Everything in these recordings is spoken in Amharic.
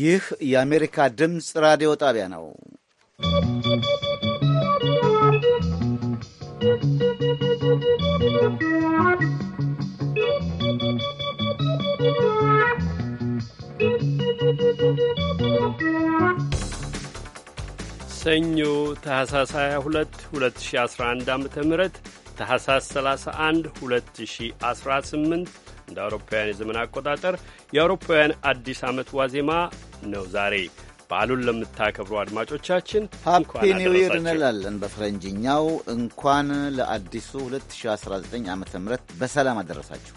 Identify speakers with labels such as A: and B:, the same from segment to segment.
A: ይህ የአሜሪካ ድምፅ ራዲዮ ጣቢያ ነው።
B: ሰኞ ታህሳስ 22 2011 ዓ ም ታህሳስ 31 2018 እንደ አውሮፓውያን የዘመን አቆጣጠር የአውሮፓውያን አዲስ ዓመት ዋዜማ ነው ዛሬ። በዓሉን
A: ለምታከብሩ
B: አድማጮቻችን ሀፒ ኒው ይር እንላለን
A: በፈረንጅኛው። እንኳን ለአዲሱ 2019 ዓ ም በሰላም አደረሳችሁ።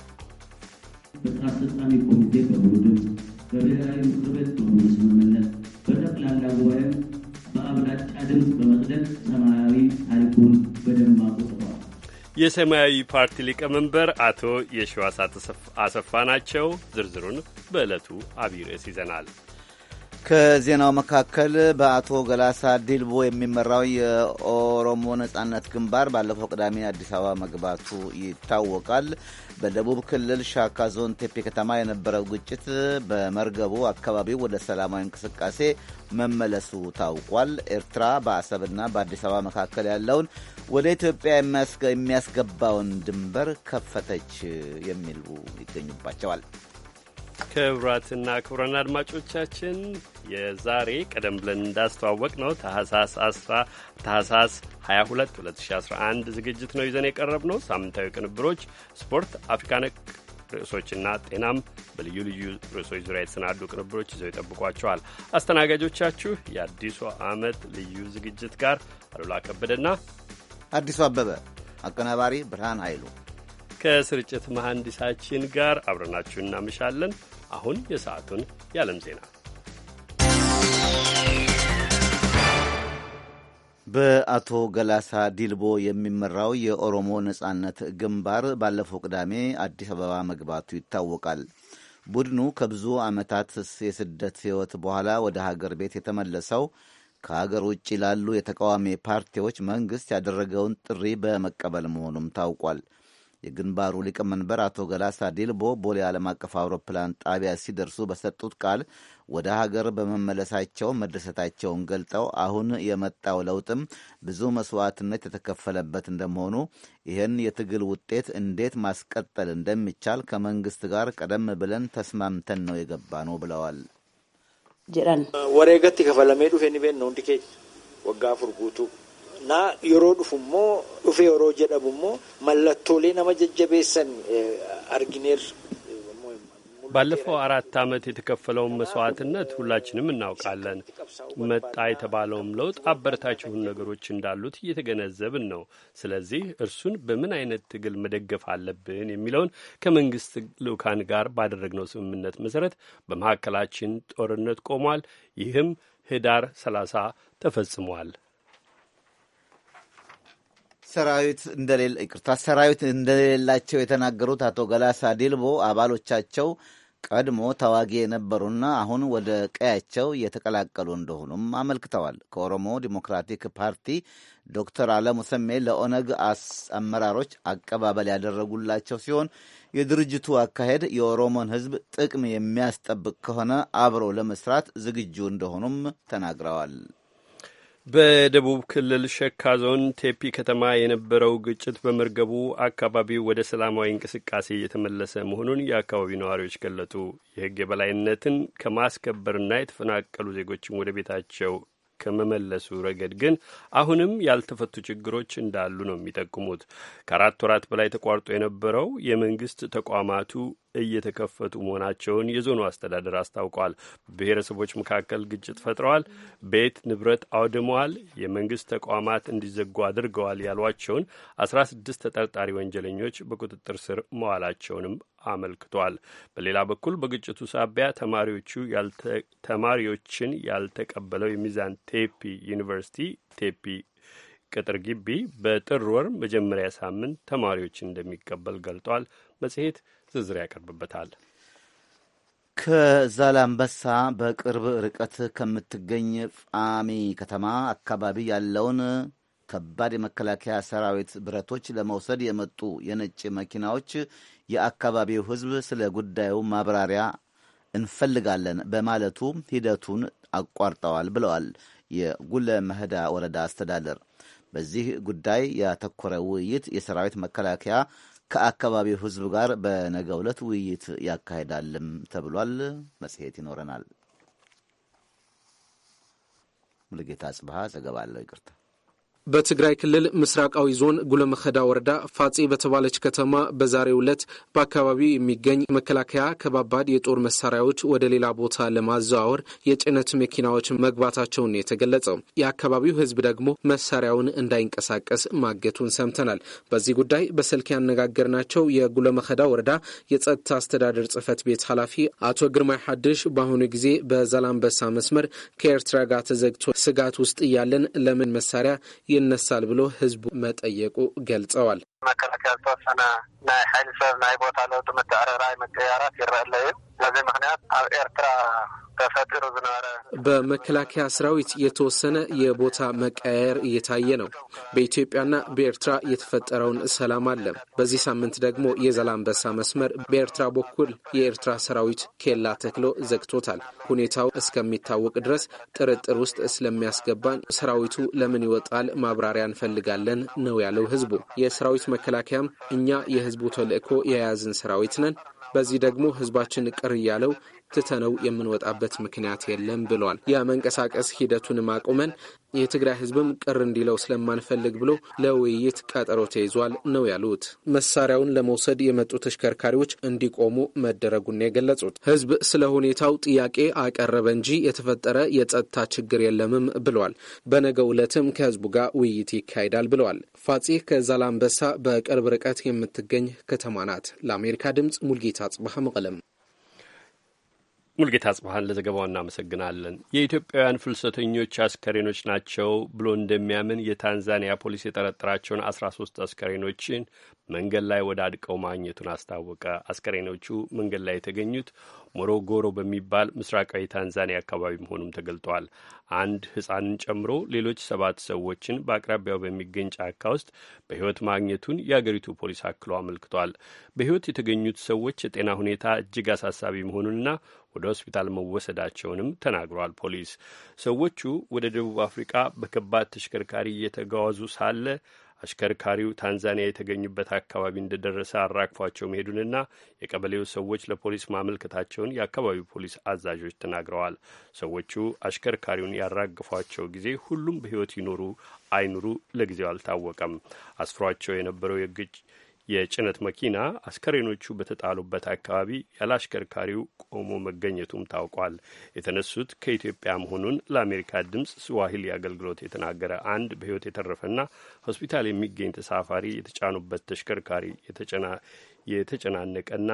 C: በስራ አስፈጻሚ ኮሚቴ በቡድን በብሔራዊ ምክር ቤት በሙሉ ስምምነት በጠቅላላ ጉባኤም በአብላጫ ድምፅ በመጽደቅ ሰማያዊ ታሪኩን በደማቁ ጽፏል።
B: የሰማያዊ ፓርቲ ሊቀመንበር አቶ የሺዋስ አሰፋ ናቸው። ዝርዝሩን በዕለቱ አብይ ርዕስ ይዘናል።
A: ከዜናው መካከል በአቶ ገላሳ ዲልቦ የሚመራው የኦሮሞ ነጻነት ግንባር ባለፈው ቅዳሜ አዲስ አበባ መግባቱ ይታወቃል። በደቡብ ክልል ሻካ ዞን ቴፔ ከተማ የነበረው ግጭት በመርገቡ አካባቢው ወደ ሰላማዊ እንቅስቃሴ መመለሱ ታውቋል። ኤርትራ በአሰብና በአዲስ አበባ መካከል ያለውን ወደ ኢትዮጵያ የሚያስገባውን ድንበር ከፈተች የሚሉ ይገኙባቸዋል።
B: ክቡራትና ክቡራን አድማጮቻችን የዛሬ ቀደም ብለን እንዳስተዋወቅ ነው ታህሳስ 22 2011 ዝግጅት ነው ይዘን የቀረብ ነው። ሳምንታዊ ቅንብሮች፣ ስፖርት፣ አፍሪካ ነክ ርዕሶችና ጤናም በልዩ ልዩ ርዕሶች ዙሪያ የተሰናዱ ቅንብሮች ይዘው ይጠብቋቸዋል። አስተናጋጆቻችሁ የአዲሱ ዓመት ልዩ ዝግጅት ጋር አሉላ ከበደና
A: አዲሱ አበበ፣ አቀናባሪ ብርሃን ኃይሉ
B: ከስርጭት መሐንዲሳችን ጋር አብረናችሁ እናመሻለን። አሁን የሰዓቱን የዓለም ዜና
A: በአቶ ገላሳ ዲልቦ የሚመራው የኦሮሞ ነጻነት ግንባር ባለፈው ቅዳሜ አዲስ አበባ መግባቱ ይታወቃል። ቡድኑ ከብዙ ዓመታት የስደት ሕይወት በኋላ ወደ ሀገር ቤት የተመለሰው ከአገር ውጭ ላሉ የተቃዋሚ ፓርቲዎች መንግሥት ያደረገውን ጥሪ በመቀበል መሆኑም ታውቋል። የግንባሩ ሊቀመንበር አቶ ገላሳ ዲልቦ ቦሌ ዓለም አቀፍ አውሮፕላን ጣቢያ ሲደርሱ በሰጡት ቃል ወደ ሀገር በመመለሳቸው መደሰታቸውን ገልጠው አሁን የመጣው ለውጥም ብዙ መስዋዕትነት የተከፈለበት እንደመሆኑ ይህን የትግል ውጤት እንዴት ማስቀጠል እንደሚቻል ከመንግስት ጋር ቀደም ብለን ተስማምተን ነው የገባ ነው ብለዋል።
D: jedhan. Ah, Wareegatti kafalamee dhufe ni beekna hundi keenya waggaa afur guutuu. Naa yeroo dhufummoo dhufe yeroo jedhamu immoo mallattoolee nama jajjabeessan eh, argineerra.
B: ባለፈው አራት ዓመት የተከፈለውን መስዋዕትነት ሁላችንም እናውቃለን። መጣ የተባለውም ለውጥ አበረታች የሆኑ ነገሮች እንዳሉት እየተገነዘብን ነው። ስለዚህ እርሱን በምን አይነት ትግል መደገፍ አለብን የሚለውን ከመንግስት ልዑካን ጋር ባደረግነው ስምምነት መሰረት በመካከላችን ጦርነት ቆሟል። ይህም ህዳር 30 ተፈጽሟል።
A: ሰራዊት እንደሌለ ይቅርታ፣ ሰራዊት እንደሌላቸው የተናገሩት አቶ ገላሳ ዲልቦ አባሎቻቸው ቀድሞ ተዋጊ የነበሩና አሁን ወደ ቀያቸው እየተቀላቀሉ እንደሆኑም አመልክተዋል። ከኦሮሞ ዲሞክራቲክ ፓርቲ ዶክተር አለሙ ሰሜ ለኦነግ አመራሮች አቀባበል ያደረጉላቸው ሲሆን የድርጅቱ አካሄድ የኦሮሞን ሕዝብ ጥቅም የሚያስጠብቅ ከሆነ አብሮ ለመስራት ዝግጁ እንደሆኑም ተናግረዋል።
B: በደቡብ ክልል ሸካ ዞን ቴፒ ከተማ የነበረው ግጭት በመርገቡ አካባቢው ወደ ሰላማዊ እንቅስቃሴ እየተመለሰ መሆኑን የአካባቢው ነዋሪዎች ገለጡ። የሕግ የበላይነትን ከማስከበርና የተፈናቀሉ ዜጎችን ወደ ቤታቸው ከመመለሱ ረገድ ግን አሁንም ያልተፈቱ ችግሮች እንዳሉ ነው የሚጠቁሙት። ከአራት ወራት በላይ ተቋርጦ የነበረው የመንግስት ተቋማቱ እየተከፈቱ መሆናቸውን የዞኑ አስተዳደር አስታውቋል። በብሔረሰቦች መካከል ግጭት ፈጥረዋል፣ ቤት ንብረት አውድመዋል፣ የመንግስት ተቋማት እንዲዘጉ አድርገዋል ያሏቸውን አስራ ስድስት ተጠርጣሪ ወንጀለኞች በቁጥጥር ስር መዋላቸውንም አመልክቷል። በሌላ በኩል በግጭቱ ሳቢያ ተማሪዎቹ ተማሪዎችን ያልተቀበለው የሚዛን ቴፒ ዩኒቨርሲቲ ቴፒ ቅጥር ግቢ በጥር ወር መጀመሪያ ሳምንት ተማሪዎችን እንደሚቀበል ገልጧል። መጽሔት ዝርዝር ያቀርብበታል።
A: ከዛላምበሳ በቅርብ ርቀት ከምትገኝ ፋሚ ከተማ አካባቢ ያለውን ከባድ የመከላከያ ሰራዊት ብረቶች ለመውሰድ የመጡ የነጭ መኪናዎች የአካባቢው ሕዝብ ስለ ጉዳዩ ማብራሪያ እንፈልጋለን በማለቱ ሂደቱን አቋርጠዋል ብለዋል የጉለ መህዳ ወረዳ አስተዳደር። በዚህ ጉዳይ ያተኮረ ውይይት የሰራዊት መከላከያ ከአካባቢው ህዝብ ጋር በነገው ዕለት ውይይት ያካሄዳልም ተብሏል። መጽሔት ይኖረናል። ሙልጌታ ጽብሃ ዘገባ አለው። ይቅርታ
E: በትግራይ ክልል ምስራቃዊ ዞን ጉለመኸዳ ወረዳ ፋጼ በተባለች ከተማ በዛሬው ዕለት በአካባቢው የሚገኝ መከላከያ ከባባድ የጦር መሳሪያዎች ወደ ሌላ ቦታ ለማዘዋወር የጭነት መኪናዎች መግባታቸውን የተገለጸው የአካባቢው ሕዝብ ደግሞ መሳሪያውን እንዳይንቀሳቀስ ማገቱን ሰምተናል። በዚህ ጉዳይ በስልክ ያነጋገርናቸው የጉለመኸዳ ወረዳ የጸጥታ አስተዳደር ጽህፈት ቤት ኃላፊ አቶ ግርማይ ሐድሽ በአሁኑ ጊዜ በዛላምበሳ መስመር ከኤርትራ ጋር ተዘግቶ ስጋት ውስጥ እያለን ለምን መሳሪያ ይነሳል ብሎ ህዝቡ መጠየቁ ገልጸዋል። መከላከያ ዝተወሰነ ናይ ሓይሊ ሰብ ናይ ቦታ ለውጢ ምትዕርራይ ምቅያራት ይረአ ኣሎ እዩ ነዚ ምክንያት ኣብ ኤርትራ ተፈጢሩ ዝነበረ በመከላከያ ሰራዊት የተወሰነ የቦታ መቀያየር እየታየ ነው። በኢትዮጵያና በኤርትራ የተፈጠረውን ሰላም አለ። በዚህ ሳምንት ደግሞ የዛላምበሳ መስመር በኤርትራ በኩል የኤርትራ ሰራዊት ኬላ ተክሎ ዘግቶታል። ሁኔታው እስከሚታወቅ ድረስ ጥርጥር ውስጥ ስለሚያስገባን ሰራዊቱ ለምን ይወጣል ማብራሪያ እንፈልጋለን ነው ያለው ህዝቡ። የሰራዊት መከላከያም እኛ የህዝቡ ተልእኮ የያዝን ሰራዊት ነን። በዚህ ደግሞ ህዝባችን ቅር እያለው ትተነው የምንወጣበት ምክንያት የለም ብሏል። የመንቀሳቀስ ሂደቱን ማቆመን የትግራይ ህዝብም ቅር እንዲለው ስለማንፈልግ ብሎ ለውይይት ቀጠሮ ተይዟል ነው ያሉት። መሳሪያውን ለመውሰድ የመጡ ተሽከርካሪዎች እንዲቆሙ መደረጉን የገለጹት ህዝብ ስለ ሁኔታው ጥያቄ አቀረበ እንጂ የተፈጠረ የጸጥታ ችግር የለምም ብሏል። በነገው ዕለትም ከህዝቡ ጋር ውይይት ይካሄዳል ብለዋል። ፋጺ ከዛላምበሳ በቅርብ ርቀት የምትገኝ ከተማ ናት። ለአሜሪካ ድምፅ ሙልጌታ ጽባሃ መቀለም
B: ሙልጌታ ጽብሃን ለዘገባው እናመሰግናለን። የኢትዮጵያውያን ፍልሰተኞች አስከሬኖች ናቸው ብሎ እንደሚያምን የታንዛኒያ ፖሊስ የጠረጠራቸውን አስራ ሶስት አስከሬኖችን መንገድ ላይ ወዳድቀው አድቀው ማግኘቱን አስታወቀ። አስከሬኖቹ መንገድ ላይ የተገኙት ሞሮጎሮ በሚባል ምስራቃዊ ታንዛኒያ አካባቢ መሆኑም ተገልጧል። አንድ ሕፃንን ጨምሮ ሌሎች ሰባት ሰዎችን በአቅራቢያው በሚገኝ ጫካ ውስጥ በሕይወት ማግኘቱን የአገሪቱ ፖሊስ አክሎ አመልክቷል። በሕይወት የተገኙት ሰዎች የጤና ሁኔታ እጅግ አሳሳቢ መሆኑንና ወደ ሆስፒታል መወሰዳቸውንም ተናግሯል። ፖሊስ ሰዎቹ ወደ ደቡብ አፍሪቃ በከባድ ተሽከርካሪ እየተጓዙ ሳለ አሽከርካሪው ታንዛኒያ የተገኙበት አካባቢ እንደደረሰ አራግፏቸው መሄዱንና የቀበሌው ሰዎች ለፖሊስ ማመልከታቸውን የአካባቢው ፖሊስ አዛዦች ተናግረዋል። ሰዎቹ አሽከርካሪውን ያራግፏቸው ጊዜ ሁሉም በሕይወት ይኖሩ አይኑሩ ለጊዜው አልታወቀም። አስፍሯቸው የነበረው የጭነት መኪና አስከሬኖቹ በተጣሉበት አካባቢ ያለአሽከርካሪው አሽከርካሪው ቆሞ መገኘቱም ታውቋል። የተነሱት ከኢትዮጵያ መሆኑን ለአሜሪካ ድምፅ ስዋሂሊ አገልግሎት የተናገረ አንድ በሕይወት የተረፈና ሆስፒታል የሚገኝ ተሳፋሪ የተጫኑበት ተሽከርካሪ የተጨናነቀና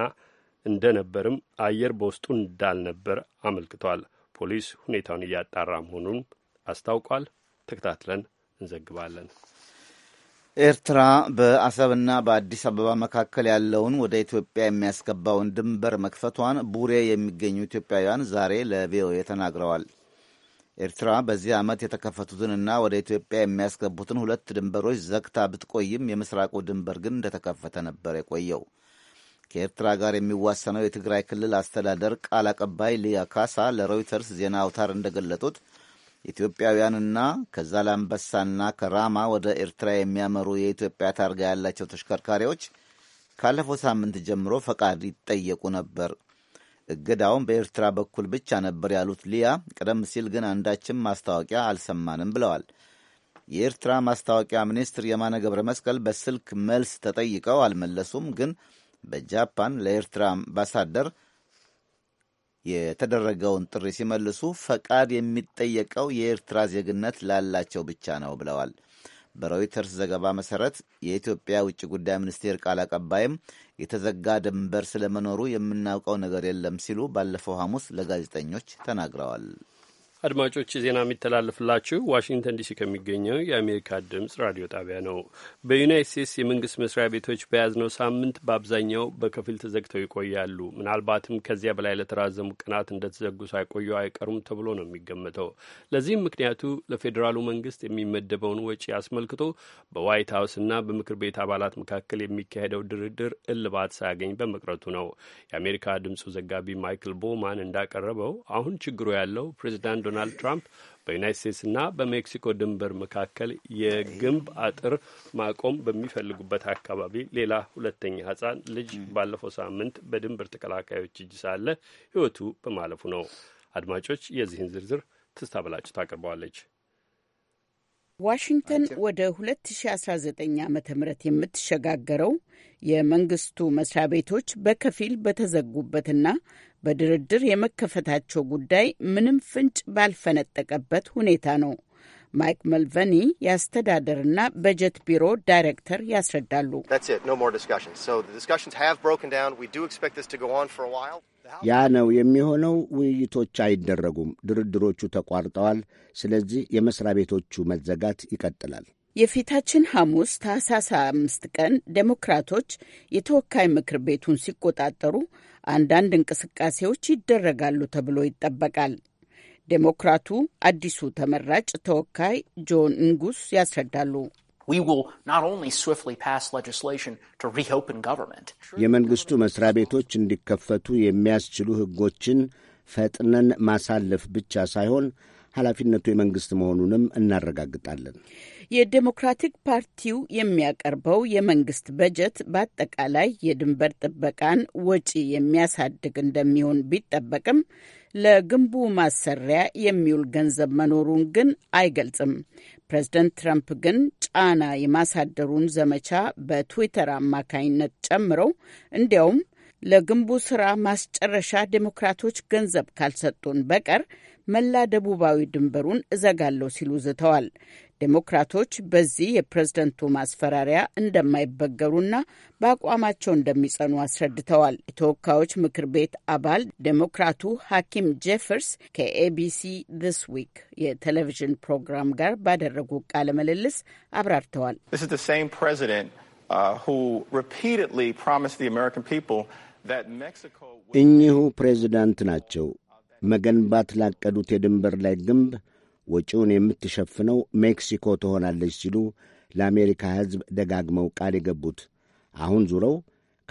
B: እንደነበርም አየር በውስጡ እንዳልነበር አመልክቷል። ፖሊስ ሁኔታውን እያጣራ መሆኑን አስታውቋል። ተከታትለን እንዘግባለን።
A: ኤርትራ በአሰብና በአዲስ አበባ መካከል ያለውን ወደ ኢትዮጵያ የሚያስገባውን ድንበር መክፈቷን ቡሬ የሚገኙ ኢትዮጵያውያን ዛሬ ለቪኦኤ ተናግረዋል። ኤርትራ በዚህ ዓመት የተከፈቱትንና ወደ ኢትዮጵያ የሚያስገቡትን ሁለት ድንበሮች ዘግታ ብትቆይም የምስራቁ ድንበር ግን እንደተከፈተ ነበር የቆየው። ከኤርትራ ጋር የሚዋሰነው የትግራይ ክልል አስተዳደር ቃል አቀባይ ሊያ ካሳ ለሮይተርስ ዜና አውታር እንደገለጡት ኢትዮጵያውያንና ከዛላምበሳና ከራማ ወደ ኤርትራ የሚያመሩ የኢትዮጵያ ታርጋ ያላቸው ተሽከርካሪዎች ካለፈው ሳምንት ጀምሮ ፈቃድ ይጠየቁ ነበር። እገዳውም በኤርትራ በኩል ብቻ ነበር ያሉት ሊያ፣ ቀደም ሲል ግን አንዳችም ማስታወቂያ አልሰማንም ብለዋል። የኤርትራ ማስታወቂያ ሚኒስትር የማነ ገብረ መስቀል በስልክ መልስ ተጠይቀው አልመለሱም። ግን በጃፓን ለኤርትራ አምባሳደር የተደረገውን ጥሪ ሲመልሱ ፈቃድ የሚጠየቀው የኤርትራ ዜግነት ላላቸው ብቻ ነው ብለዋል። በሮይተርስ ዘገባ መሰረት የኢትዮጵያ ውጭ ጉዳይ ሚኒስቴር ቃል አቀባይም የተዘጋ ድንበር ስለመኖሩ የምናውቀው ነገር የለም ሲሉ ባለፈው ሐሙስ ለጋዜጠኞች ተናግረዋል።
B: አድማጮች ዜና የሚተላለፍላችሁ ዋሽንግተን ዲሲ ከሚገኘው የአሜሪካ ድምፅ ራዲዮ ጣቢያ ነው። በዩናይት ስቴትስ የመንግስት መስሪያ ቤቶች በያዝነው ሳምንት በአብዛኛው በከፊል ተዘግተው ይቆያሉ። ምናልባትም ከዚያ በላይ ለተራዘሙ ቀናት እንደተዘጉ ሳይቆዩ አይቀሩም ተብሎ ነው የሚገመተው። ለዚህም ምክንያቱ ለፌዴራሉ መንግስት የሚመደበውን ወጪ አስመልክቶ በዋይት እና በምክር ቤት አባላት መካከል የሚካሄደው ድርድር እልባት ሳያገኝ በመቅረቱ ነው። የአሜሪካ ድምፁ ዘጋቢ ማይክል ቦማን እንዳቀረበው አሁን ችግሩ ያለው ፕሬዚዳንት ዶናልድ ትራምፕ በዩናይት ስቴትስና በሜክሲኮ ድንበር መካከል የግንብ አጥር ማቆም በሚፈልጉበት አካባቢ ሌላ ሁለተኛ ህጻን ልጅ ባለፈው ሳምንት በድንበር ተከላካዮች እጅ ሳለ ህይወቱ በማለፉ ነው። አድማጮች የዚህን ዝርዝር ትስታ በላጭው ታቀርበዋለች።
F: ዋሽንግተን ወደ 2019 ዓ ም የምትሸጋገረው የመንግስቱ መስሪያ ቤቶች በከፊል በተዘጉበትና በድርድር የመከፈታቸው ጉዳይ ምንም ፍንጭ ባልፈነጠቀበት ሁኔታ ነው። ማይክ መልቨኒ የአስተዳደርና በጀት ቢሮ ዳይሬክተር ያስረዳሉ።
G: ያ ነው የሚሆነው። ውይይቶች አይደረጉም። ድርድሮቹ ተቋርጠዋል። ስለዚህ የመስሪያ ቤቶቹ መዘጋት ይቀጥላል።
F: የፊታችን ሐሙስ ታህሳስ አምስት ቀን ዴሞክራቶች የተወካይ ምክር ቤቱን ሲቆጣጠሩ አንዳንድ እንቅስቃሴዎች ይደረጋሉ ተብሎ ይጠበቃል። ዴሞክራቱ አዲሱ ተመራጭ ተወካይ ጆን እንጉስ ያስረዳሉ።
G: የመንግስቱ መስሪያ ቤቶች እንዲከፈቱ የሚያስችሉ ህጎችን ፈጥነን ማሳለፍ ብቻ ሳይሆን ኃላፊነቱ የመንግስት መሆኑንም እናረጋግጣለን።
F: የዴሞክራቲክ ፓርቲው የሚያቀርበው የመንግስት በጀት በአጠቃላይ የድንበር ጥበቃን ወጪ የሚያሳድግ እንደሚሆን ቢጠበቅም ለግንቡ ማሰሪያ የሚውል ገንዘብ መኖሩን ግን አይገልጽም። ፕሬዝደንት ትራምፕ ግን ጫና የማሳደሩን ዘመቻ በትዊተር አማካኝነት ጨምረው እንዲያውም ለግንቡ ስራ ማስጨረሻ ዴሞክራቶች ገንዘብ ካልሰጡን በቀር መላ ደቡባዊ ድንበሩን እዘጋለሁ ሲሉ ዝተዋል። ዴሞክራቶች በዚህ የፕሬዝደንቱ ማስፈራሪያ እንደማይበገሩና በአቋማቸው እንደሚጸኑ አስረድተዋል። የተወካዮች ምክር ቤት አባል ዴሞክራቱ ሐኪም ጄፈርስ ከኤቢሲ ዲስ ዊክ የቴሌቪዥን ፕሮግራም ጋር ባደረጉ ቃለ ምልልስ አብራርተዋል። uh, እኚሁ
G: ፕሬዝዳንት ናቸው መገንባት ላቀዱት የድንበር ላይ ግንብ ወጪውን የምትሸፍነው ሜክሲኮ ትሆናለች ሲሉ ለአሜሪካ ሕዝብ ደጋግመው ቃል የገቡት አሁን ዙረው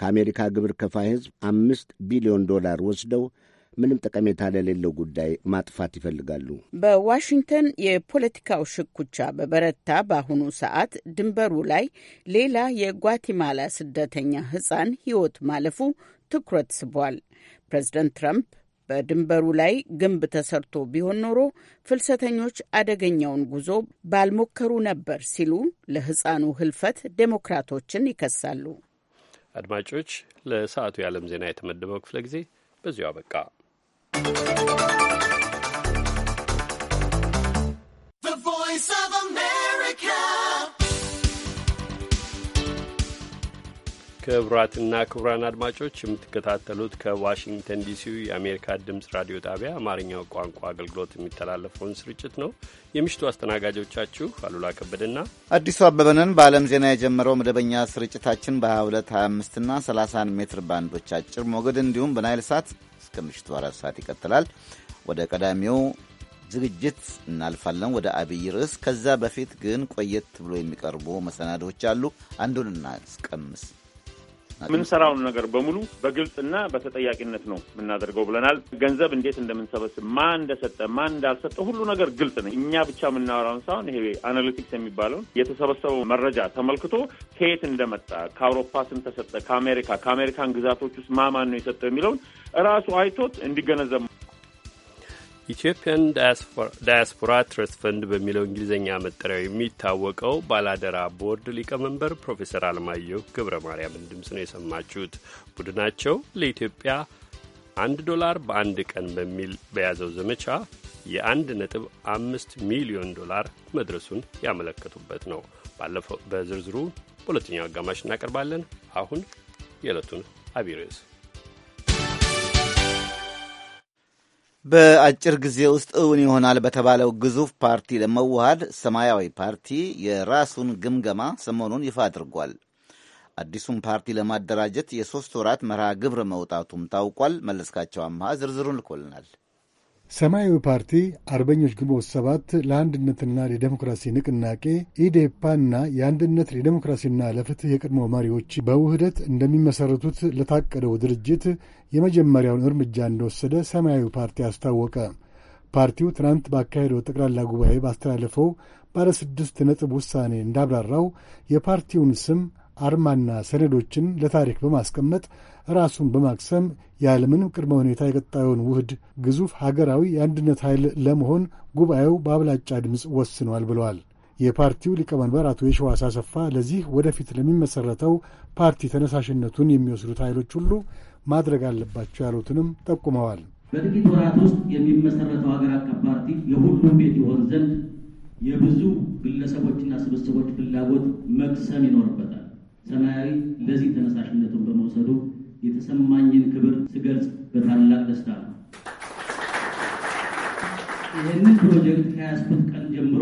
G: ከአሜሪካ ግብር ከፋይ ሕዝብ አምስት ቢሊዮን ዶላር ወስደው ምንም ጠቀሜታ ለሌለው ጉዳይ ማጥፋት ይፈልጋሉ።
F: በዋሽንግተን የፖለቲካው ሽኩቻ በበረታ በአሁኑ ሰዓት ድንበሩ ላይ ሌላ የጓቲማላ ስደተኛ ሕፃን ሕይወት ማለፉ ትኩረት ስቧል። ፕሬዚደንት ትራምፕ በድንበሩ ላይ ግንብ ተሰርቶ ቢሆን ኖሮ ፍልሰተኞች አደገኛውን ጉዞ ባልሞከሩ ነበር ሲሉ ለሕፃኑ ህልፈት ዴሞክራቶችን ይከሳሉ።
B: አድማጮች፣ ለሰዓቱ የዓለም ዜና የተመደበው ክፍለ ጊዜ በዚሁ አበቃ። ክቡራትና ክቡራን አድማጮች የምትከታተሉት ከዋሽንግተን ዲሲው የአሜሪካ ድምፅ ራዲዮ ጣቢያ አማርኛው ቋንቋ አገልግሎት የሚተላለፈውን ስርጭት ነው። የምሽቱ አስተናጋጆቻችሁ አሉላ ከበደና
A: አዲሱ አበበንን በዓለም ዜና የጀመረው መደበኛ ስርጭታችን በ22፣ 25ና 30 ሜትር ባንዶች አጭር ሞገድ እንዲሁም በናይል ሳት እስከ ምሽቱ አራት ሰዓት ይቀጥላል። ወደ ቀዳሚው ዝግጅት እናልፋለን፣ ወደ አብይ ርዕስ። ከዛ በፊት ግን ቆየት ብሎ የሚቀርቡ መሰናዶዎች አሉ። አንዱን እናስቀምስ። የምንሰራውን
H: ነገር በሙሉ በግልጽና በተጠያቂነት ነው የምናደርገው ብለናል። ገንዘብ እንዴት እንደምንሰበስብ፣ ማን እንደሰጠ፣ ማን እንዳልሰጠ ሁሉ ነገር ግልጽ ነው። እኛ ብቻ የምናወራውን ሳይሆን ይሄ አናሊቲክስ የሚባለውን የተሰበሰበው መረጃ ተመልክቶ ከየት እንደመጣ ከአውሮፓ ስንት ተሰጠ፣ ከአሜሪካ ከአሜሪካን ግዛቶች ውስጥ ማማን ነው የሰጠው የሚለውን እራሱ አይቶት እንዲገነዘብ
B: ኢትዮጵያን ዳያስፖራ ትረስት ፈንድ በሚለው እንግሊዝኛ መጠሪያው የሚታወቀው ባላደራ ቦርድ ሊቀመንበር ፕሮፌሰር አለማየሁ ገብረ ማርያምን ድምፅ ነው የሰማችሁት። ቡድናቸው ለኢትዮጵያ አንድ ዶላር በአንድ ቀን በሚል በያዘው ዘመቻ የአንድ ነጥብ አምስት ሚሊዮን ዶላር መድረሱን ያመለከቱበት ነው። ባለፈው በዝርዝሩ በሁለተኛው አጋማሽ እናቀርባለን። አሁን የዕለቱን አብይ ርዕስ
A: በአጭር ጊዜ ውስጥ እውን ይሆናል በተባለው ግዙፍ ፓርቲ ለመዋሃድ ሰማያዊ ፓርቲ የራሱን ግምገማ ሰሞኑን ይፋ አድርጓል። አዲሱን ፓርቲ ለማደራጀት የሦስት ወራት መርሃ ግብር መውጣቱም ታውቋል። መለስካቸው አምሃ ዝርዝሩን ልኮልናል።
I: ሰማያዊ ፓርቲ፣ አርበኞች ግንቦት ሰባት፣ ለአንድነትና ለዴሞክራሲ ንቅናቄ ኢዴፓና የአንድነት ለዴሞክራሲና ለፍትህ የቀድሞ መሪዎች በውህደት እንደሚመሠረቱት ለታቀደው ድርጅት የመጀመሪያውን እርምጃ እንደወሰደ ሰማያዊ ፓርቲ አስታወቀ። ፓርቲው ትናንት ባካሄደው ጠቅላላ ጉባኤ ባስተላለፈው ባለ ስድስት ነጥብ ውሳኔ እንዳብራራው የፓርቲውን ስም አርማና ሰነዶችን ለታሪክ በማስቀመጥ ራሱን በማክሰም ያለምንም ቅድመ ሁኔታ የቀጣዩን ውህድ ግዙፍ ሀገራዊ የአንድነት ኃይል ለመሆን ጉባኤው በአብላጫ ድምፅ ወስኗል ብለዋል። የፓርቲው ሊቀመንበር አቶ የሸዋስ አሰፋ ለዚህ ወደፊት ለሚመሰረተው ፓርቲ ተነሳሽነቱን የሚወስዱት ኃይሎች ሁሉ ማድረግ አለባቸው ያሉትንም ጠቁመዋል።
C: በጥቂት ወራት ውስጥ የሚመሰረተው ሀገር አቀፍ ፓርቲ የሁሉም ቤት ይሆን ዘንድ የብዙ ግለሰቦችና ስብስቦች ፍላጎት መቅሰም ይኖርበታል። ሰማያዊ ለዚህ ተነሳሽነቱን በመውሰዱ የተሰማኝን ክብር ስገልጽ በታላቅ ደስታ ነው። ይህንን ፕሮጀክት ከያዝኩት ቀን ጀምሮ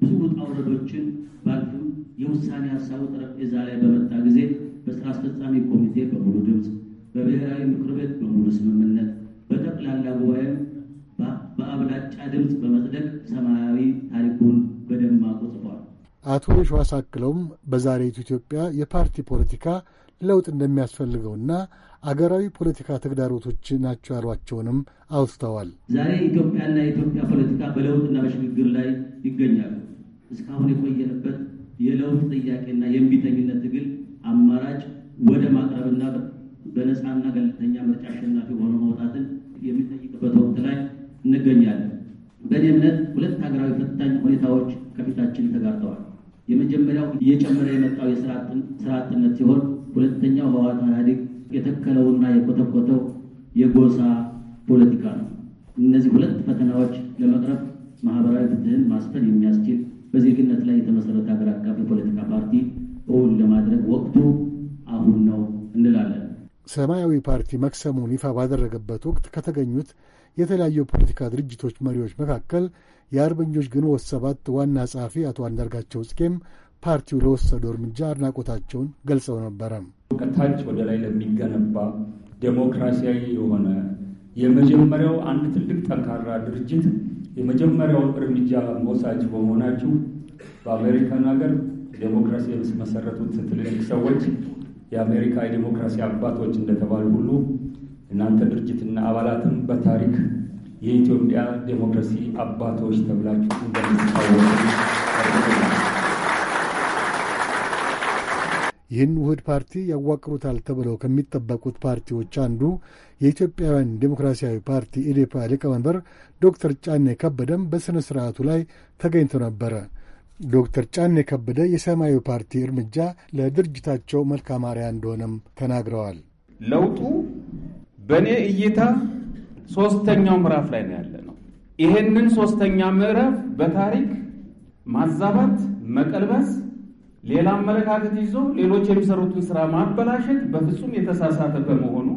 C: ብዙ ውጣ ውረዶችን ባልፍም የውሳኔ ሀሳቡ ጠረጴዛ ላይ በመጣ ጊዜ በስራ አስፈጻሚ ኮሚቴ በሙሉ ድምፅ፣ በብሔራዊ ምክር ቤት በሙሉ ስምምነት፣ በጠቅላላ ጉባኤም በአብላጫ ድምፅ በመጽደቅ ሰማያዊ ታሪኩን በደማቁ ጽፏል።
I: አቶ የሸዋስ አክለውም በዛሬቱ ኢትዮጵያ የፓርቲ ፖለቲካ ለውጥ እንደሚያስፈልገውና አገራዊ ፖለቲካ ተግዳሮቶች ናቸው ያሏቸውንም አውስተዋል። ዛሬ
C: ኢትዮጵያና የኢትዮጵያ ፖለቲካ በለውጥና በሽግግር ላይ ይገኛሉ። እስካሁን የቆየንበት የለውጥ ጥያቄና የእምቢተኝነት ትግል አማራጭ ወደ ማቅረብና በነፃና ገለልተኛ ምርጫ አሸናፊ ሆኖ መውጣትን የሚጠይቅበት ወቅት ላይ እንገኛለን። በእኔ እምነት ሁለት ሀገራዊ ፈታኝ ሁኔታዎች ከፊታችን ተጋርጠዋል። የመጀመሪያው እየጨመረ የመጣው የስራ አጥነት ሲሆን ሁለተኛው ህወሓት ኢህአዴግ የተከለውና የኮተኮተው የጎሳ ፖለቲካ ነው። እነዚህ ሁለት ፈተናዎች ለመቅረብ ማህበራዊ ፍትህን ማስፈን የሚያስችል በዜግነት ላይ የተመሰረተ ሀገር አቀፍ የፖለቲካ ፓርቲ እውን ለማድረግ ወቅቱ አሁን ነው እንላለን።
I: ሰማያዊ ፓርቲ መክሰሙን ይፋ ባደረገበት ወቅት ከተገኙት የተለያዩ የፖለቲካ ድርጅቶች መሪዎች መካከል የአርበኞች ግንቦት ሰባት ዋና ጸሐፊ አቶ አንዳርጋቸው ጽጌም ፓርቲው ለወሰደው እርምጃ አድናቆታቸውን ገልጸው ነበረ።
J: ከታች ወደ ላይ ለሚገነባ ዴሞክራሲያዊ የሆነ የመጀመሪያው አንድ ትልቅ ጠንካራ ድርጅት የመጀመሪያው እርምጃ መውሳጅ በመሆናችሁ በአሜሪካን ሀገር ዴሞክራሲ የመሰረቱት ትልልቅ ሰዎች የአሜሪካ የዴሞክራሲ አባቶች እንደተባሉ ሁሉ እናንተ ድርጅትና አባላትም በታሪክ የኢትዮጵያ ዴሞክራሲ አባቶች ተብላችሁ እንደምትታወቁ
I: ይህን ውህድ ፓርቲ ያዋቅሩታል ተብለው ከሚጠበቁት ፓርቲዎች አንዱ የኢትዮጵያውያን ዴሞክራሲያዊ ፓርቲ ኢዴፓ ሊቀመንበር ዶክተር ጫኔ ከበደም በሥነ ሥርዓቱ ላይ ተገኝቶ ነበረ። ዶክተር ጫኔ ከበደ የሰማያዊ ፓርቲ እርምጃ ለድርጅታቸው መልካም እንደሆነም ተናግረዋል።
E: ለውጡ በእኔ እይታ ሶስተኛው ምዕራፍ ላይ ነው ያለ ነው። ይህንን ሶስተኛ ምዕራፍ በታሪክ ማዛባት መቀልበስ ሌላ አመለካከት ይዞ ሌሎች የሚሰሩትን ስራ ማበላሸት በፍጹም የተሳሳተ በመሆኑ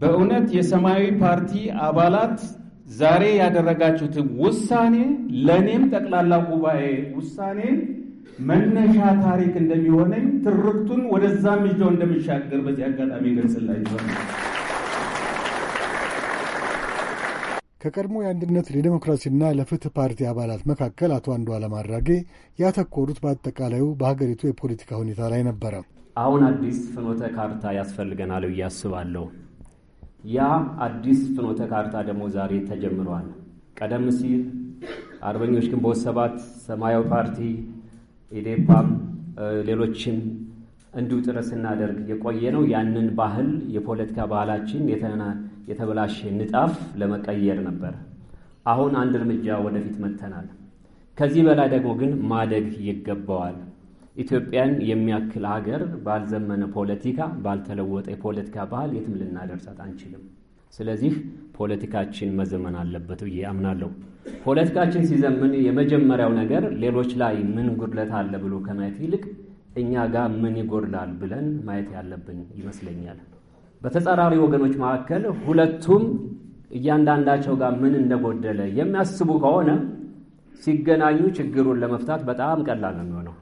E: በእውነት የሰማያዊ ፓርቲ አባላት ዛሬ ያደረጋችሁትን ውሳኔ ለእኔም ጠቅላላ ጉባኤ ውሳኔ መነሻ ታሪክ እንደሚሆነኝ ትርክቱን ወደዛም ይዤው እንደምሻገር በዚህ አጋጣሚ ገልጽላችኋል።
I: ከቀድሞ የአንድነት ለዲሞክራሲና ለፍትህ ፓርቲ አባላት መካከል አቶ አንዱዓለም አራጌ ያተኮሩት በአጠቃላዩ በሀገሪቱ የፖለቲካ ሁኔታ ላይ ነበረ።
J: አሁን አዲስ ፍኖተ ካርታ ያስፈልገናል ብዬ አስባለሁ። ያ አዲስ ፍኖተ ካርታ ደግሞ ዛሬ ተጀምሯል። ቀደም ሲል አርበኞች ግንቦት ሰባት፣ ሰማያዊ ፓርቲ፣ ኢዴፓም ሌሎችም እንዲሁ ጥረት ስናደርግ የቆየ ነው። ያንን ባህል የፖለቲካ ባህላችን የተበላሸ ንጣፍ ለመቀየር ነበር። አሁን አንድ እርምጃ ወደፊት መጥተናል። ከዚህ በላይ ደግሞ ግን ማደግ ይገባዋል። ኢትዮጵያን የሚያክል ሀገር ባልዘመነ ፖለቲካ፣ ባልተለወጠ የፖለቲካ ባህል የትም ልናደርሳት አንችልም። ስለዚህ ፖለቲካችን መዘመን አለበት ብዬ አምናለሁ። ፖለቲካችን ሲዘምን የመጀመሪያው ነገር ሌሎች ላይ ምን ጉድለት አለ ብሎ ከማየት ይልቅ እኛ ጋር ምን ይጎድላል ብለን ማየት ያለብን ይመስለኛል። በተጻራሪ ወገኖች መካከል ሁለቱም እያንዳንዳቸው ጋር ምን እንደጎደለ የሚያስቡ ከሆነ ሲገናኙ ችግሩን ለመፍታት በጣም ቀላል ነው የሚሆነው።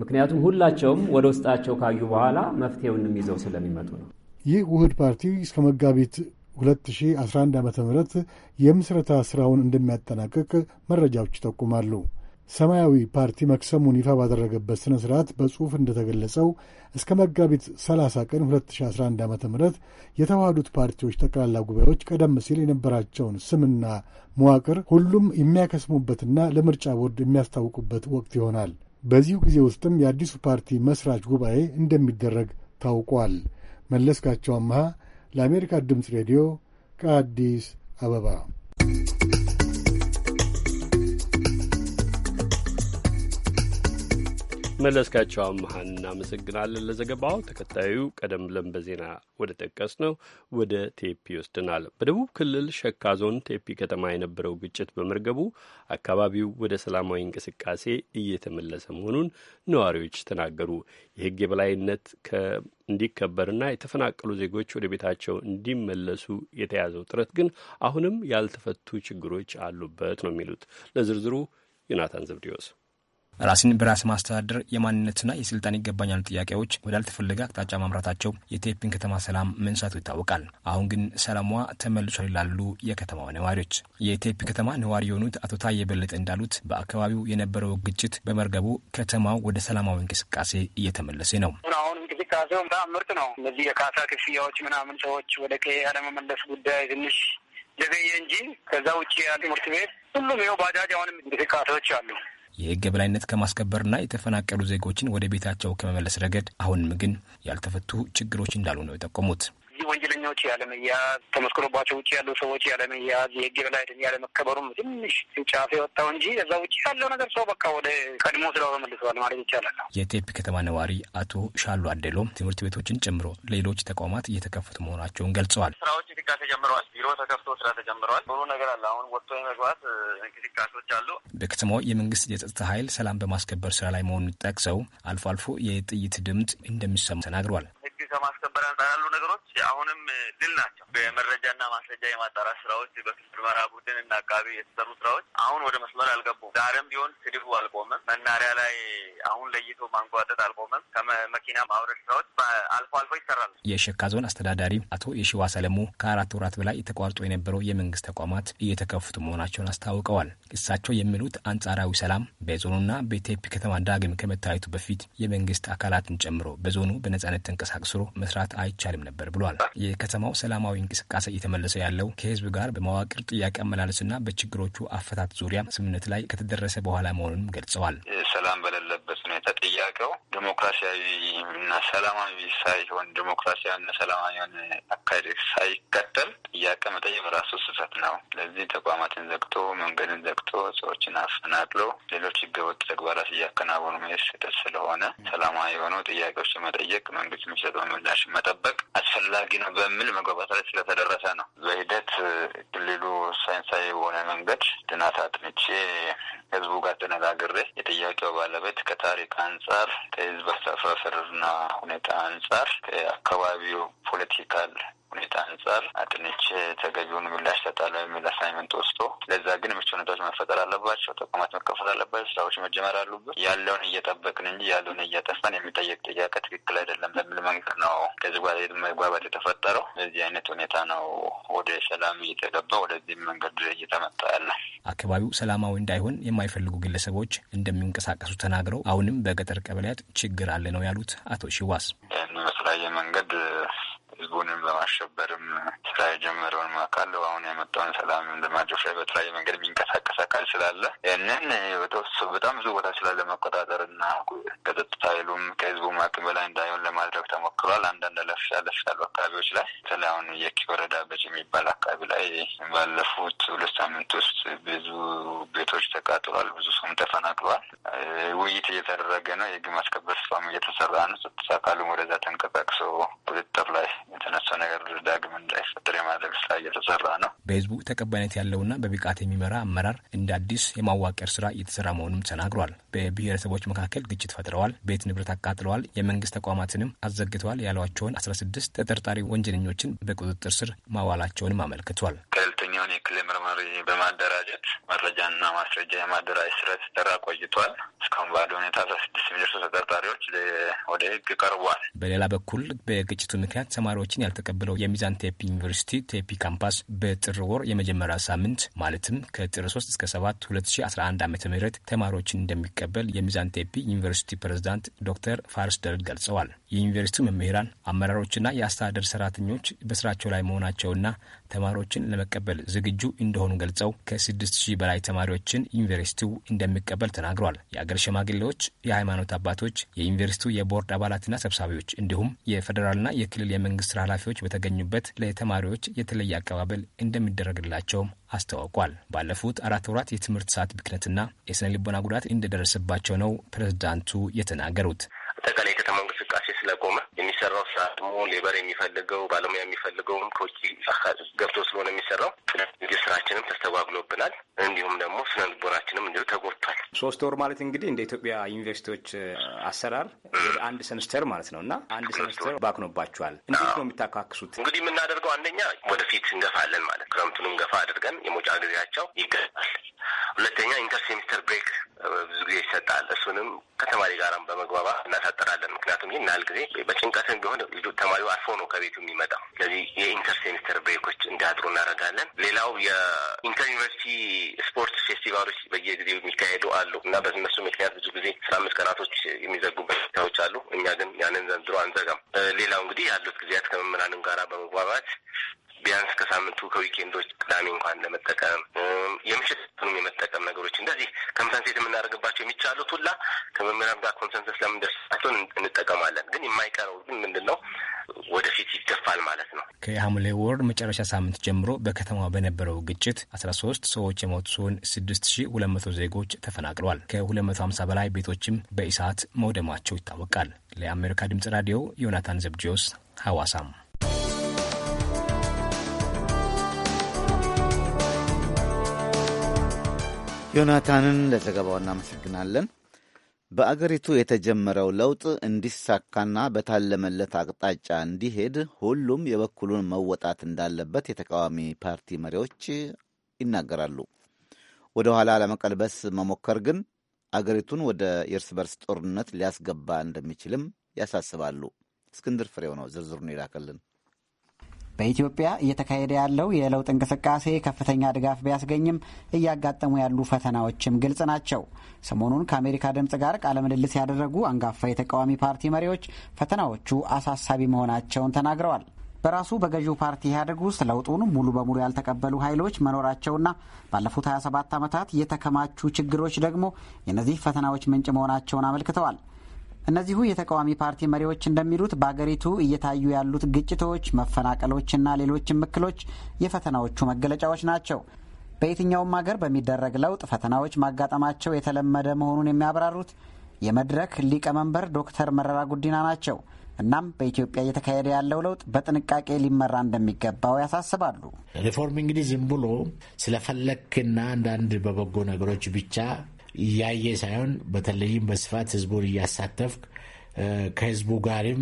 J: ምክንያቱም ሁላቸውም ወደ ውስጣቸው ካዩ በኋላ መፍትሄውን ይዘው ስለሚመጡ ነው።
I: ይህ ውህድ ፓርቲ እስከ መጋቢት 2011 ዓ ም የምስረታ ስራውን እንደሚያጠናቅቅ መረጃዎች ይጠቁማሉ። ሰማያዊ ፓርቲ መክሰሙን ይፋ ባደረገበት ሥነ ሥርዓት በጽሑፍ እንደተገለጸው እስከ መጋቢት 30 ቀን 2011 ዓ ም የተዋሃዱት ፓርቲዎች ጠቅላላ ጉባኤዎች ቀደም ሲል የነበራቸውን ስምና መዋቅር ሁሉም የሚያከስሙበትና ለምርጫ ቦርድ የሚያስታውቁበት ወቅት ይሆናል። በዚሁ ጊዜ ውስጥም የአዲሱ ፓርቲ መስራች ጉባኤ እንደሚደረግ ታውቋል። መለስካቸው አመሃ ለአሜሪካ ድምፅ ሬዲዮ ከአዲስ አበባ
B: መለስካቸው አመሀን እናመሰግናለን ለዘገባው። ተከታዩ ቀደም ብለን በዜና ወደ ጠቀስ ነው ወደ ቴፒ ይወስድናል። በደቡብ ክልል ሸካ ዞን ቴፒ ከተማ የነበረው ግጭት በመርገቡ አካባቢው ወደ ሰላማዊ እንቅስቃሴ እየተመለሰ መሆኑን ነዋሪዎች ተናገሩ። የሕግ የበላይነት እንዲከበርና የተፈናቀሉ ዜጎች ወደ ቤታቸው እንዲመለሱ የተያዘው ጥረት ግን አሁንም ያልተፈቱ ችግሮች አሉበት ነው የሚሉት። ለዝርዝሩ ዮናታን ዘብዲዮስ
K: ራስን በራስ ማስተዳደር የማንነትና የስልጣን ይገባኛል ጥያቄዎች ወዳልተፈለገ አቅጣጫ ማምራታቸው የቴፒን ከተማ ሰላም መንሳቱ ይታወቃል። አሁን ግን ሰላሟ ተመልሷል ይላሉ የከተማዋ ነዋሪዎች። የቴፒ ከተማ ነዋሪ የሆኑት አቶ ታዬ በለጠ እንዳሉት በአካባቢው የነበረው ግጭት በመርገቡ ከተማው ወደ ሰላማዊ እንቅስቃሴ እየተመለሰ ነው።
J: አሁን እንቅስቃሴው
L: በጣም ምርጥ ነው። እነዚህ የካሳ ክፍያዎች ምናምን ሰዎች ወደ ቀዬ ያለመመለስ ጉዳይ ትንሽ ዘገየ እንጂ ከዛ ውጭ ያ ትምህርት ቤት ሁሉም ይኸው ባጃጅ አሁንም እንቅስቃሴዎች አሉ።
K: የህግ የበላይነት ከማስከበርና የተፈናቀሉ ዜጎችን ወደ ቤታቸው ከመመለስ ረገድ አሁንም ግን ያልተፈቱ ችግሮች እንዳሉ ነው የጠቆሙት።
L: እነዚህ ወንጀለኛዎች ያለመያዝ ተመስክሮባቸው ውጭ ያሉ ሰዎች ያለመያዝ የህግ የበላይነት ያለመከበሩም ትንሽ ጫፍ የወጣው እንጂ እዛ ውጭ ያለው ነገር ሰው በቃ ወደ ቀድሞ ስራው ተመልሰዋል ማለት ይቻላል።
K: የቴፒ ከተማ ነዋሪ አቶ ሻሉ አደሎ ትምህርት ቤቶችን ጨምሮ ሌሎች ተቋማት እየተከፈቱ መሆናቸውን ገልጸዋል። ስራዎች እንቅስቃሴ ጀምረዋል። ቢሮ ተከፍቶ ስራ ተጀምረዋል። ጥሩ ነገር አለ። አሁን ወጥቶ የመግባት እንቅስቃሴዎች አሉ። በከተማው የመንግስት የጸጥታ ኃይል ሰላም በማስከበር ስራ ላይ መሆኑን ጠቅሰው አልፎ አልፎ የጥይት ድምፅ እንደሚሰማ
M: ህግ ከማስከበር አንጻር ያሉ ነገሮች አሁንም ድል ናቸው። በመረጃና ማስረጃ የማጣራት ስራዎች በክስ ምርመራ ቡድን እና አካባቢ የተሰሩ ስራዎች አሁን ወደ መስመር አልገቡም። ዛሬም ቢሆን ስድቡ አልቆመም። መናሪያ ላይ አሁን ለይቶ ማንጓጠጥ አልቆመም። ከመኪና ማውረድ ስራዎች አልፎ አልፎ ይሰራሉ።
K: የሸካ ዞን አስተዳዳሪ አቶ የሽዋ ሰለሙ ከአራት ወራት በላይ ተቋርጦ የነበረው የመንግስት ተቋማት እየተከፍቱ መሆናቸውን አስታውቀዋል። እሳቸው የሚሉት አንጻራዊ ሰላም በዞኑና በቴፒ ከተማ ዳግም ከመታየቱ በፊት የመንግስት አካላትን ጨምሮ በዞኑ በነጻነት ተንቀሳቅስሮ መስራት አይቻልም ነበር ብሏል። የከተማው ሰላማዊ እንቅስቃሴ እየተመለሰ ያለው ከህዝብ ጋር በመዋቅር ጥያቄ አመላለስና በችግሮቹ አፈታት ዙሪያ ስምምነት ላይ ከተደረሰ በኋላ መሆኑንም
L: ገልጸዋል። ሰላም በሌለበት ሁኔታ ጥያቄው ዲሞክራሲያዊ እና ሰላማዊ ሳይሆን ዲሞክራሲያዊ እና ሰላማዊ አካሄድ ሳይከተል ጥያቄ መጠየቅ ራሱ ስህተት ነው። ስለዚህ ተቋማትን ዘግቶ መንገድን ዘግቶ ሰዎችን አፈናቅሎ ሌሎች ህገወጥ ተግባራት እያከናወኑ መሄድ ስህተት ስለሆነ ሰላማዊ የሆነው ጥያቄዎች መጠየቅ መንግስት የሚሰጠው ምላሽ መጠበቅ አስፈላጊ ነው በሚል መግባባት ላይ ስለተደረሰ ነው። በሂደት ክልሉ ሳይንሳዊ በሆነ መንገድ ጥናት አጥንቼ ህዝቡ ጋር ተነጋግሬ የጥያቄው የጉዳዩ ባለቤት ከታሪክ አንጻር ከህዝብ አስተሳሰርና ሁኔታ አንጻር ከአካባቢው ፖለቲካል ሁኔታ አንጻር አጥንቼ ተገቢውን ምላሽ እሰጣለሁ የሚል አሳይመንት ወስዶ ለዛ ግን ምቹ ሁኔታዎች መፈጠር አለባቸው። ተቋማት መከፈት አለባቸው። ስራዎች መጀመር አሉበት። ያለውን እየጠበቅን እንጂ ያለውን እያጠፋን የሚጠየቅ ጥያቄ ትክክል አይደለም በሚል መንገድ ነው ከዚህ ጋር መግባባት የተፈጠረው። በዚህ አይነት ሁኔታ ነው ወደ ሰላም እየተገባ ወደዚህም መንገድ እየተመጣ ያለ።
K: አካባቢው ሰላማዊ እንዳይሆን የማይፈልጉ ግለሰቦች እንደሚንቀሳቀሱ ተናግረው አሁንም በገጠር ቀበሌያት ችግር አለ ነው ያሉት አቶ ሺዋስ
L: በተለያየ መንገድ ህዝቡንም ለማሸበርም ስራ የጀመረውን አካል አሁን ያመጣውን ሰላም ለማጨፍለቅ በተለያየ መንገድ የሚንቀሳቀስ አካል ስላለ ይህንን በጣም ብዙ ቦታ ስላለ መቆጣጠር እና ከጸጥታ ኃይሉም ከህዝቡ አቅም በላይ እንዳይሆን ለማድረግ ተሞክሯል። አንዳንድ አለፍ አለፍ ያሉ አካባቢዎች ላይ በተለይ አሁን የኪ ወረዳ በጭ የሚባል አካባቢ ላይ ባለፉት ሁለት ሳምንት ውስጥ ብዙ ቤቶች ተቃጥሏል። ብዙ ሰውም ተፈናቅሏል። ውይይት እየተደረገ ነው። የህግ ማስከበር ስራም እየተሰራ ነው። ጸጥታ አካሉም ወደዛ ተንቀሳቅሶ ቁጥጥር ላይ የተነሳ ነገር ዳግም እንዳይፈጠር የማድረግ ስራ እየተሰራ ነው።
K: በህዝቡ ተቀባይነት ያለውና በብቃት የሚመራ አመራር እንደ አዲስ የማዋቀር ስራ እየተሰራ መሆኑም ተናግሯል። በብሔረሰቦች መካከል ግጭት ፈጥረዋል፣ ቤት ንብረት አቃጥለዋል፣ የመንግስት ተቋማትንም አዘግተዋል ያሏቸውን አስራ ስድስት ተጠርጣሪ ወንጀለኞችን በቁጥጥር ስር ማዋላቸውንም አመልክቷል።
L: የሚሆን የክልል ምርምር በማደራጀት መረጃና ማስረጃ የማደራጀት ስራ ሲሰራ ቆይቷል። እስካሁን ባለ ሁኔታ ስድስት የሚደርሱ ተጠርጣሪዎች ወደ ህግ ቀርቧል።
K: በሌላ በኩል በግጭቱ ምክንያት ተማሪዎችን ያልተቀበለው የሚዛን ቴፒ ዩኒቨርሲቲ ቴፒ ካምፓስ በጥር ወር የመጀመሪያ ሳምንት ማለትም ከጥር 3 እስከ 7 2011 ዓ ም ተማሪዎችን እንደሚቀበል የሚዛን ቴፒ ዩኒቨርሲቲ ፕሬዝዳንት ዶክተር ፋርስ ደርግ ገልጸዋል። የዩኒቨርሲቲው መምህራን አመራሮችና የአስተዳደር ሰራተኞች በስራቸው ላይ መሆናቸውና ተማሪዎችን ለመቀበል ዝግጁ እንደሆኑ ገልጸው ከስድስት ሺህ በላይ ተማሪዎችን ዩኒቨርሲቲው እንደሚቀበል ተናግሯል። የአገር ሽማግሌዎች፣ የሃይማኖት አባቶች፣ የዩኒቨርሲቲው የቦርድ አባላትና ሰብሳቢዎች እንዲሁም የፌዴራልና የክልል የመንግስት ስራ ኃላፊዎች በተገኙበት ለተማሪዎች የተለየ አቀባበል እንደሚደረግላቸውም አስታውቋል። ባለፉት አራት ወራት የትምህርት ሰዓት ብክነትና የስነ ልቦና ጉዳት እንደደረሰባቸው ነው ፕሬዝዳንቱ የተናገሩት።
M: አጠቃላይ የከተማው እንቅስቃሴ ስለቆመ የሚሰራው ስራ ሞ ሌበር የሚፈልገው ባለሙያ የሚፈልገውም ከውጭ ገብቶ ስለሆነ የሚሰራው ስለዚህ ስራችንም ተስተጓግሎብናል። እንዲሁም ደግሞ ስነ ልቦናችንም እንዲሁ ተጎድቷል።
K: ሶስት ወር ማለት እንግዲህ እንደ ኢትዮጵያ ዩኒቨርሲቲዎች አሰራር አንድ ሴምስተር ማለት ነው እና አንድ ሴምስተር ባክኖባቸዋል። እንዴት ነው የሚታካክሱት?
M: እንግዲህ የምናደርገው አንደኛ ወደፊት እንገፋለን ማለት ክረምቱንም ገፋ አድርገን የመውጫ ጊዜያቸው ይገባል። ሁለተኛ ኢንተር ሴምስተር ብሬክ ብዙ ጊዜ ይሰጣል። እሱንም ከተማሪ ጋራም በመግባባት እንጠራጠራለን። ምክንያቱም ይህን ያህል ጊዜ በጭንቀትን ቢሆን ልጁ ተማሪው አልፎ ነው ከቤቱ የሚመጣው። ስለዚህ የኢንተርሴሚስተር ብሬኮች እንዲያጥሩ እናደርጋለን። ሌላው የኢንተር ዩኒቨርሲቲ ስፖርት ፌስቲቫሎች በየጊዜው የሚካሄዱ አሉ እና በእነሱ ምክንያት ብዙ ጊዜ አስራ አምስት ቀናቶች የሚዘጉበት ሁኔታዎች አሉ። እኛ ግን ያንን ዘንድሮ አንዘጋም። ሌላው እንግዲህ ያሉት ጊዜያት ከመምህራንም ጋራ በመግባባት ቢያንስ ከሳምንቱ ከዊኬንዶች ቅዳሜ እንኳን ለመጠቀም የምሽት የመጠቀም ነገሮች እንደዚህ ከምሰንሴት የምናደርግባቸው የሚቻሉት ሁላ ከመምህራን ጋር ኮንሰንሰስ ለምንደርስባቸውን እንጠቀማለን። ግን የማይቀረው ግን ምንድን ነው ወደፊት ይገፋል ማለት
K: ነው። ከሐምሌ ወር መጨረሻ ሳምንት ጀምሮ በከተማ በነበረው ግጭት 13 ሰዎች የሞቱ ሲሆን 6200 ዜጎች ተፈናቅለዋል። ከ250 በላይ ቤቶችም በእሳት መውደማቸው ይታወቃል። ለአሜሪካ ድምጽ ራዲዮ ዮናታን ዘብዲዮስ ሐዋሳም
A: ዮናታንን ለዘገባው እናመሰግናለን። በአገሪቱ የተጀመረው ለውጥ እንዲሳካና በታለመለት አቅጣጫ እንዲሄድ ሁሉም የበኩሉን መወጣት እንዳለበት የተቃዋሚ ፓርቲ መሪዎች ይናገራሉ። ወደ ኋላ ለመቀልበስ መሞከር ግን አገሪቱን ወደ የእርስ በርስ ጦርነት ሊያስገባ እንደሚችልም ያሳስባሉ። እስክንድር ፍሬው ነው ዝርዝሩን ይላከልን።
N: በኢትዮጵያ እየተካሄደ ያለው የለውጥ እንቅስቃሴ ከፍተኛ ድጋፍ ቢያስገኝም እያጋጠሙ ያሉ ፈተናዎችም ግልጽ ናቸው። ሰሞኑን ከአሜሪካ ድምፅ ጋር ቃለ ምልልስ ያደረጉ አንጋፋ የተቃዋሚ ፓርቲ መሪዎች ፈተናዎቹ አሳሳቢ መሆናቸውን ተናግረዋል። በራሱ በገዢው ፓርቲ ኢህአዴግ ውስጥ ለውጡን ሙሉ በሙሉ ያልተቀበሉ ኃይሎች መኖራቸውና ባለፉት 27 ዓመታት የተከማቹ ችግሮች ደግሞ የእነዚህ ፈተናዎች ምንጭ መሆናቸውን አመልክተዋል። እነዚሁ የተቃዋሚ ፓርቲ መሪዎች እንደሚሉት በአገሪቱ እየታዩ ያሉት ግጭቶች፣ መፈናቀሎችና ሌሎችም እክሎች የፈተናዎቹ መገለጫዎች ናቸው። በየትኛውም ሀገር በሚደረግ ለውጥ ፈተናዎች ማጋጠማቸው የተለመደ መሆኑን የሚያብራሩት የመድረክ ሊቀመንበር ዶክተር መረራ ጉዲና ናቸው። እናም በኢትዮጵያ እየተካሄደ ያለው ለውጥ በጥንቃቄ ሊመራ እንደሚገባው ያሳስባሉ።
O: ሪፎርም እንግዲህ ዝም ብሎ ስለፈለክና አንዳንድ በበጎ ነገሮች ብቻ እያየ ሳይሆን በተለይም በስፋት ህዝቡን እያሳተፍክ ከህዝቡ ጋርም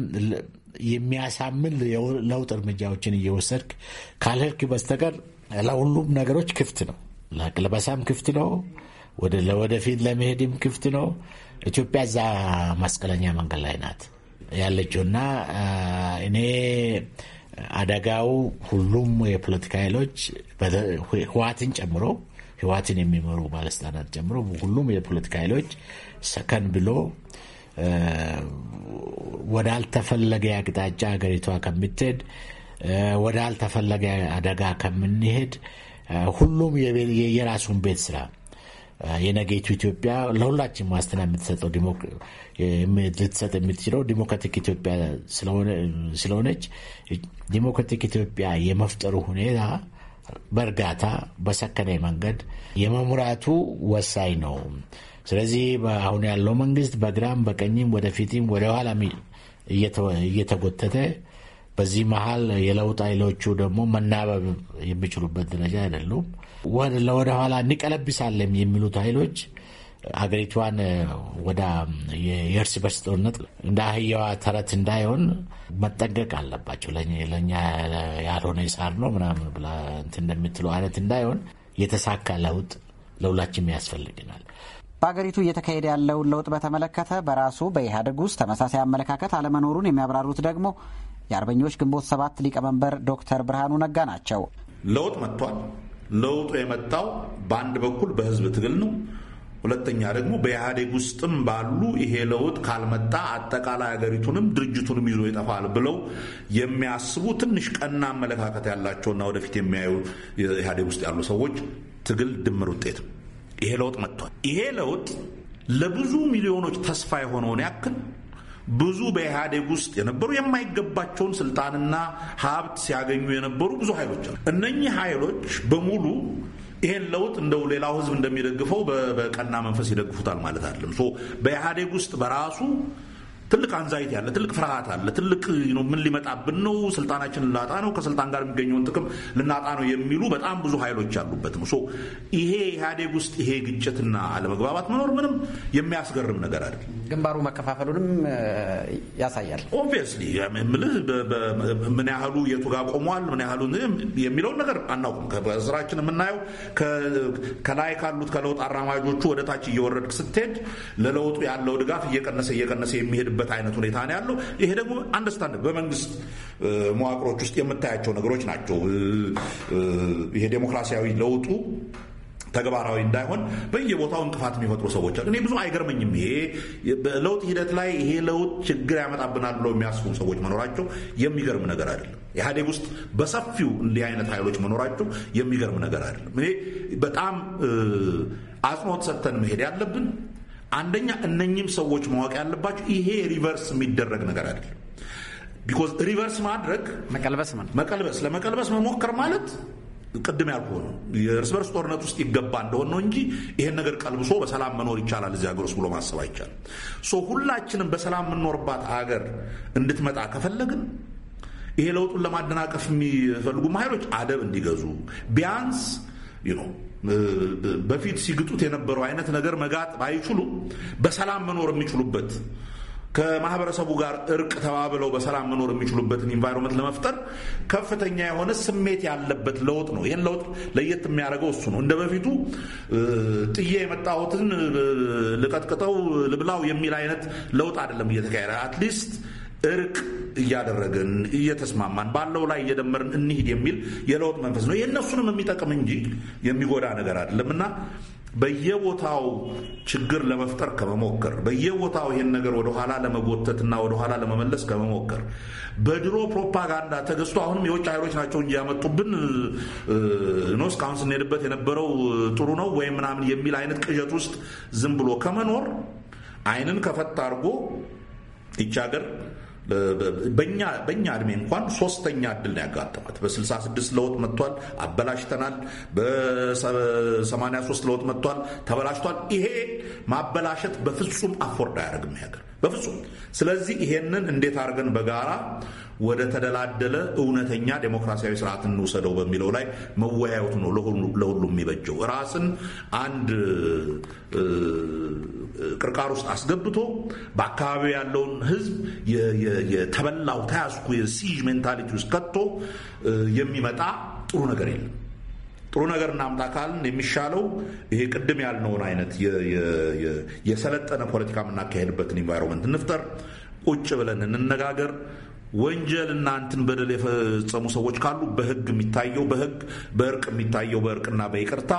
O: የሚያሳምን ለውጥ እርምጃዎችን እየወሰድክ ካልህልክ በስተቀር ለሁሉም ነገሮች ክፍት ነው። ለቅልበሳም ክፍት ነው። ለወደፊት ለመሄድም ክፍት ነው። ኢትዮጵያ እዛ መስቀለኛ መንገድ ላይ ናት ያለችው እና እኔ አደጋው ሁሉም የፖለቲካ ኃይሎች ህወሓትን ጨምሮ ህወሓትን የሚመሩ ባለስልጣናት ጀምሮ ሁሉም የፖለቲካ ኃይሎች ሰከን ብሎ ወዳልተፈለገ አቅጣጫ ሀገሪቷ ከምትሄድ ወዳልተፈለገ አደጋ ከምንሄድ ሁሉም የራሱን ቤት ስራ የነገይቱ ኢትዮጵያ ለሁላችን ዋስትና የምትሰጠው ልትሰጥ የምትችለው ዲሞክራቲክ ኢትዮጵያ ስለሆነች ዲሞክራቲክ ኢትዮጵያ የመፍጠሩ ሁኔታ በእርጋታ በሰከነ መንገድ የመምራቱ ወሳኝ ነው። ስለዚህ አሁን ያለው መንግስት በግራም በቀኝም ወደፊትም ወደኋላ እየተጎተተ በዚህ መሀል የለውጥ ኃይሎቹ ደግሞ መናበብ የሚችሉበት ደረጃ አይደሉም። ለወደኋላ እንቀለብሳለን የሚሉት ኃይሎች አገሪቷን ወደ የእርስ በርስ ጦርነት እንደ አህያዋ ተረት እንዳይሆን መጠንቀቅ አለባቸው። ለእኛ ያልሆነ ሳር ነው ምናምን ብላ እንትን እንደምትለው አይነት እንዳይሆን የተሳካ ለውጥ ለሁላችንም ያስፈልግናል።
N: በአገሪቱ እየተካሄደ ያለውን ለውጥ በተመለከተ በራሱ በኢህአዴግ ውስጥ ተመሳሳይ አመለካከት አለመኖሩን የሚያብራሩት ደግሞ የአርበኞች ግንቦት ሰባት ሊቀመንበር ዶክተር ብርሃኑ ነጋ ናቸው።
P: ለውጥ መጥቷል። ለውጡ የመጣው በአንድ በኩል በህዝብ ትግል ነው ሁለተኛ ደግሞ በኢህአዴግ ውስጥም ባሉ ይሄ ለውጥ ካልመጣ አጠቃላይ ሀገሪቱንም ድርጅቱንም ይዞ ይጠፋል ብለው የሚያስቡ ትንሽ ቀና አመለካከት ያላቸውና ወደፊት የሚያዩ ኢህአዴግ ውስጥ ያሉ ሰዎች ትግል ድምር ውጤት ይሄ ለውጥ መጥቷል። ይሄ ለውጥ ለብዙ ሚሊዮኖች ተስፋ የሆነውን ያክል ብዙ በኢህአዴግ ውስጥ የነበሩ የማይገባቸውን ስልጣንና ሀብት ሲያገኙ የነበሩ ብዙ ኃይሎች አሉ። እነኚህ ኃይሎች በሙሉ ይሄን ለውጥ እንደው ሌላው ህዝብ እንደሚደግፈው በቀና መንፈስ ይደግፉታል ማለት አይደለም። በኢህአዴግ ውስጥ በራሱ ትልቅ አንዛይቲ አለ፣ ትልቅ ፍርሃት አለ፣ ትልቅ ምን ሊመጣብን ነው፣ ስልጣናችን ልናጣ ነው፣ ከስልጣን ጋር የሚገኘውን ጥቅም ልናጣ ነው የሚሉ በጣም ብዙ ኃይሎች ያሉበት ነው። ይሄ ኢህአዴግ ውስጥ ይሄ ግጭትና አለመግባባት መኖር ምንም የሚያስገርም ነገር አይደለም። ግንባሩ መከፋፈሉንም ያሳያል። ኦብቪየስሊ ምልህ ምን ያህሉ የቱ ጋር ቆሟል፣ ምን ያህሉ የሚለውን ነገር አናውቅም። ከስራችን የምናየው ከላይ ካሉት ከለውጥ አራማጆቹ ወደ ታች እየወረድክ ስትሄድ ለለውጡ ያለው ድጋፍ እየቀነሰ እየቀነሰ የሚሄድ የሚሄድበት አይነት ሁኔታ ነው ያለው። ይሄ ደግሞ አንደስታንድ በመንግስት መዋቅሮች ውስጥ የምታያቸው ነገሮች ናቸው። ይሄ ዴሞክራሲያዊ ለውጡ ተግባራዊ እንዳይሆን በየቦታው እንቅፋት የሚፈጥሩ ሰዎች አሉ። እኔ ብዙ አይገርመኝም። ይሄ በለውጥ ሂደት ላይ ይሄ ለውጥ ችግር ያመጣብናል ብለው የሚያስቡ ሰዎች መኖራቸው የሚገርም ነገር አይደለም። ኢህአዴግ ውስጥ በሰፊው እንዲህ አይነት ኃይሎች መኖራቸው የሚገርም ነገር አይደለም። እኔ በጣም አጽንኦት ሰጥተን መሄድ ያለብን አንደኛ እነኚህም ሰዎች ማወቅ ያለባቸው ይሄ ሪቨርስ የሚደረግ ነገር አይደለም። ቢኮዝ ሪቨርስ ማድረግ መቀልበስ መቀልበስ ለመቀልበስ መሞከር ማለት ቅድም ያልኩ ነው የእርስ በርስ ጦርነት ውስጥ ይገባ እንደሆነ ነው እንጂ ይሄን ነገር ቀልብሶ በሰላም መኖር ይቻላል እዚህ ሀገር ውስጥ ብሎ ማሰብ አይቻልም። ሶ ሁላችንም በሰላም የምንኖርባት ሀገር እንድትመጣ ከፈለግን ይሄ ለውጡን ለማደናቀፍ የሚፈልጉ ኃይሎች አደብ እንዲገዙ ቢያንስ በፊት ሲግጡት የነበረው አይነት ነገር መጋጥ ባይችሉም በሰላም መኖር የሚችሉበት ከማህበረሰቡ ጋር እርቅ ተባብለው በሰላም መኖር የሚችሉበትን ኢንቫይሮንመንት ለመፍጠር ከፍተኛ የሆነ ስሜት ያለበት ለውጥ ነው። ይህን ለውጥ ለየት የሚያደርገው እሱ ነው። እንደ በፊቱ ጥዬ የመጣሁትን ልቀጥቅጠው ልብላው የሚል አይነት ለውጥ አይደለም እየተካሄደ አትሊስት እርቅ እያደረግን እየተስማማን ባለው ላይ እየደመርን እንሂድ የሚል የለውጥ መንፈስ ነው። የእነሱንም የሚጠቅም እንጂ የሚጎዳ ነገር አይደለም እና በየቦታው ችግር ለመፍጠር ከመሞከር በየቦታው ይህን ነገር ወደኋላ ለመጎተትና ወደኋላ ለመመለስ ከመሞከር በድሮ ፕሮፓጋንዳ ተገዝቶ አሁንም የውጭ ኃይሎች ናቸው እንጂ ያመጡብን ኖ እስካሁን ስንሄድበት የነበረው ጥሩ ነው ወይም ምናምን የሚል አይነት ቅዠት ውስጥ ዝም ብሎ ከመኖር አይንን ከፈት አድርጎ ይቻገር በእኛ እድሜ እንኳን ሶስተኛ እድል ነው ያጋጠማት። በ66 ለውጥ መጥቷል፣ አበላሽተናል። በ83 ለውጥ መጥቷል፣ ተበላሽቷል። ይሄ ማበላሸት በፍጹም አፎርድ አያደርግም ሀገር በፍጹም። ስለዚህ ይሄንን እንዴት አድርገን በጋራ ወደ ተደላደለ እውነተኛ ዴሞክራሲያዊ ስርዓት እንውሰደው በሚለው ላይ መወያየቱ ነው ለሁሉም የሚበጀው። ራስን አንድ ቅርቃር ውስጥ አስገብቶ በአካባቢ ያለውን ህዝብ የተበላው ተያዝኩ የሲዥ ሜንታሊቲ ውስጥ ከቶ የሚመጣ ጥሩ ነገር የለም። ጥሩ ነገር እናምጣ ካልን የሚሻለው ይሄ ቅድም ያልነውን አይነት የሰለጠነ ፖለቲካ የምናካሄድበትን ኢንቫይሮንመንት እንፍጠር። ቁጭ ብለን እንነጋገር። ወንጀል እና እንትን በደል የፈጸሙ ሰዎች ካሉ በህግ የሚታየው በህግ በእርቅ የሚታየው በእርቅና በይቅርታ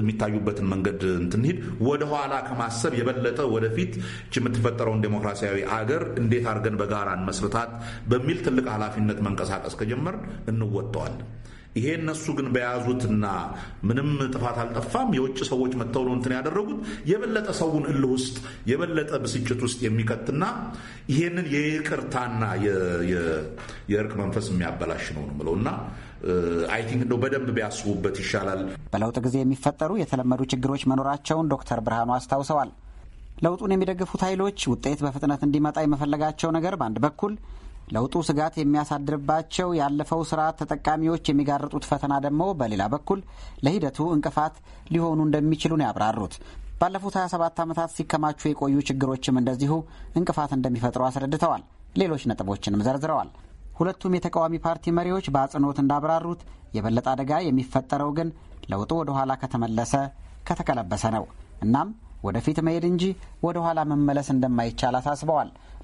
P: የሚታዩበትን መንገድ እንትንሄድ ወደኋላ ከማሰብ የበለጠ ወደፊት የምትፈጠረውን ዴሞክራሲያዊ አገር እንዴት አድርገን በጋራ እንመስርታት በሚል ትልቅ ኃላፊነት መንቀሳቀስ ከጀመር እንወጥተዋለን። ይሄ እነሱ ግን በያዙትና ምንም ጥፋት አልጠፋም የውጭ ሰዎች መተው ነው እንትን ያደረጉት የበለጠ ሰውን እልህ ውስጥ የበለጠ ብስጭት ውስጥ የሚከትና ይሄንን የይቅርታና የእርቅ መንፈስ የሚያበላሽ ነው ነው ብለው እና አይ ቲንክ እንደው በደንብ ቢያስቡበት
N: ይሻላል። በለውጥ ጊዜ የሚፈጠሩ የተለመዱ ችግሮች መኖራቸውን ዶክተር ብርሃኑ አስታውሰዋል። ለውጡን የሚደግፉት ኃይሎች ውጤት በፍጥነት እንዲመጣ የመፈለጋቸው ነገር በአንድ በኩል ለውጡ ስጋት የሚያሳድርባቸው ያለፈው ስርዓት ተጠቃሚዎች የሚጋርጡት ፈተና ደግሞ በሌላ በኩል ለሂደቱ እንቅፋት ሊሆኑ እንደሚችሉ ነው ያብራሩት። ባለፉት 27 ዓመታት ሲከማቹ የቆዩ ችግሮችም እንደዚሁ እንቅፋት እንደሚፈጥሩ አስረድተዋል። ሌሎች ነጥቦችንም ዘርዝረዋል። ሁለቱም የተቃዋሚ ፓርቲ መሪዎች በአጽንኦት እንዳብራሩት የበለጠ አደጋ የሚፈጠረው ግን ለውጡ ወደ ኋላ ከተመለሰ ከተቀለበሰ ነው። እናም ወደፊት መሄድ እንጂ ወደ ኋላ መመለስ እንደማይቻል አሳስበዋል።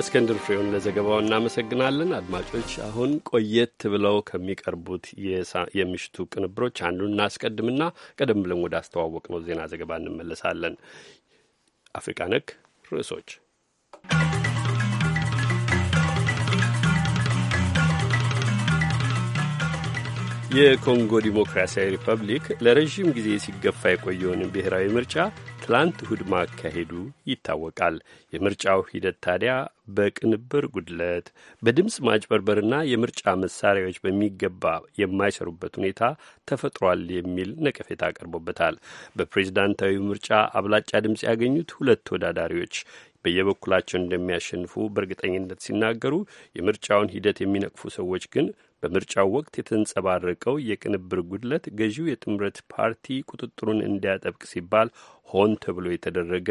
B: እስክንድር ፍሬውን ለዘገባው እናመሰግናለን። አድማጮች አሁን ቆየት ብለው ከሚቀርቡት የምሽቱ ቅንብሮች አንዱን እናስቀድምና ቀደም ብለን ወደ አስተዋወቅ ነው ዜና ዘገባ እንመለሳለን። አፍሪካ ነክ ርዕሶች የኮንጎ ዲሞክራሲያዊ ሪፐብሊክ ለረዥም ጊዜ ሲገፋ የቆየውን ብሔራዊ ምርጫ ትላንት እሁድ ማካሄዱ ይታወቃል። የምርጫው ሂደት ታዲያ በቅንብር ጉድለት፣ በድምፅ ማጭበርበርና የምርጫ መሳሪያዎች በሚገባ የማይሰሩበት ሁኔታ ተፈጥሯል የሚል ነቀፌታ ቀርቦበታል። በፕሬዝዳንታዊ ምርጫ አብላጫ ድምፅ ያገኙት ሁለት ተወዳዳሪዎች በየበኩላቸው እንደሚያሸንፉ በእርግጠኝነት ሲናገሩ፣ የምርጫውን ሂደት የሚነቅፉ ሰዎች ግን በምርጫው ወቅት የተንጸባረቀው የቅንብር ጉድለት ገዢው የጥምረት ፓርቲ ቁጥጥሩን እንዲያጠብቅ ሲባል ሆን ተብሎ የተደረገ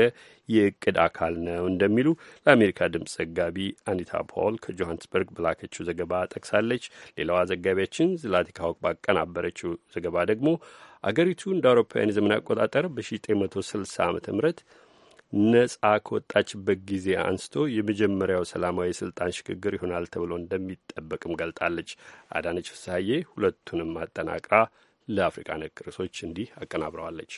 B: የእቅድ አካል ነው እንደሚሉ ለአሜሪካ ድምፅ ዘጋቢ አኒታ ፖል ከጆሃንስበርግ በላከችው ዘገባ ጠቅሳለች። ሌላዋ ዘጋቢያችን ዝላቲካ ወቅ ባቀናበረችው ዘገባ ደግሞ አገሪቱ እንደ አውሮፓውያን የዘመን አቆጣጠር በ1960 ዓ ም ነጻ ከወጣችበት ጊዜ አንስቶ የመጀመሪያው ሰላማዊ የስልጣን ሽግግር ይሆናል ተብሎ እንደሚጠበቅም ገልጣለች። አዳነች ፍሳዬ ሁለቱንም አጠናቅራ ለአፍሪቃ ነክ ርዕሶች እንዲህ አቀናብረዋለች።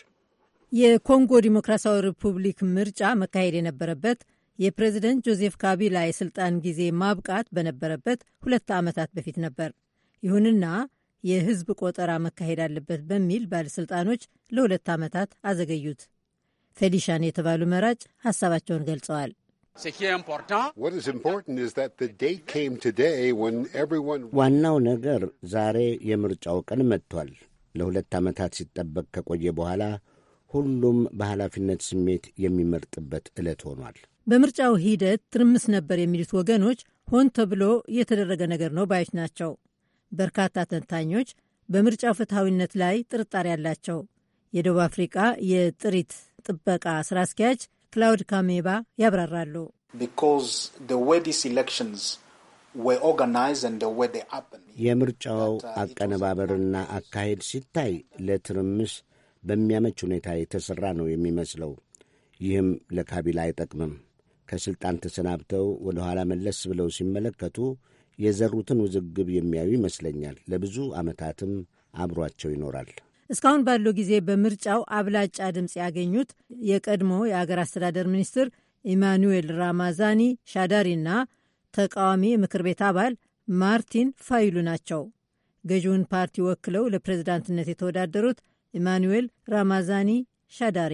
Q: የኮንጎ ዲሞክራሲያዊ ሪፑብሊክ ምርጫ መካሄድ የነበረበት የፕሬዝደንት ጆዜፍ ካቢላ የስልጣን ጊዜ ማብቃት በነበረበት ሁለት ዓመታት በፊት ነበር። ይሁንና የህዝብ ቆጠራ መካሄድ አለበት በሚል ባለሥልጣኖች ለሁለት ዓመታት አዘገዩት። ፌሊሻን የተባሉ መራጭ ሀሳባቸውን ገልጸዋል። ዋናው
G: ነገር ዛሬ የምርጫው ቀን መጥቷል። ለሁለት ዓመታት ሲጠበቅ ከቆየ በኋላ ሁሉም በኃላፊነት ስሜት የሚመርጥበት ዕለት ሆኗል።
Q: በምርጫው ሂደት ትርምስ ነበር የሚሉት ወገኖች ሆን ተብሎ የተደረገ ነገር ነው ባዮች ናቸው። በርካታ ተንታኞች በምርጫው ፍትሐዊነት ላይ ጥርጣሬ አላቸው። የደቡብ አፍሪቃ የጥሪት ጥበቃ ስራ አስኪያጅ ክላውድ ካሜባ ያብራራሉ።
G: የምርጫው uh, አቀነባበርና አካሄድ ሲታይ ለትርምስ በሚያመች ሁኔታ የተሠራ ነው የሚመስለው። ይህም ለካቢላ አይጠቅምም። ከሥልጣን ተሰናብተው ወደ ኋላ መለስ ብለው ሲመለከቱ የዘሩትን ውዝግብ የሚያዩ ይመስለኛል። ለብዙ ዓመታትም አብሯቸው ይኖራል።
Q: እስካሁን ባለው ጊዜ በምርጫው አብላጫ ድምፅ ያገኙት የቀድሞ የአገር አስተዳደር ሚኒስትር ኢማኑዌል ራማዛኒ ሻዳሪና ተቃዋሚ የምክር ቤት አባል ማርቲን ፋይሉ ናቸው። ገዢውን ፓርቲ ወክለው ለፕሬዝዳንትነት የተወዳደሩት ኢማኑዌል ራማዛኒ ሻዳሪ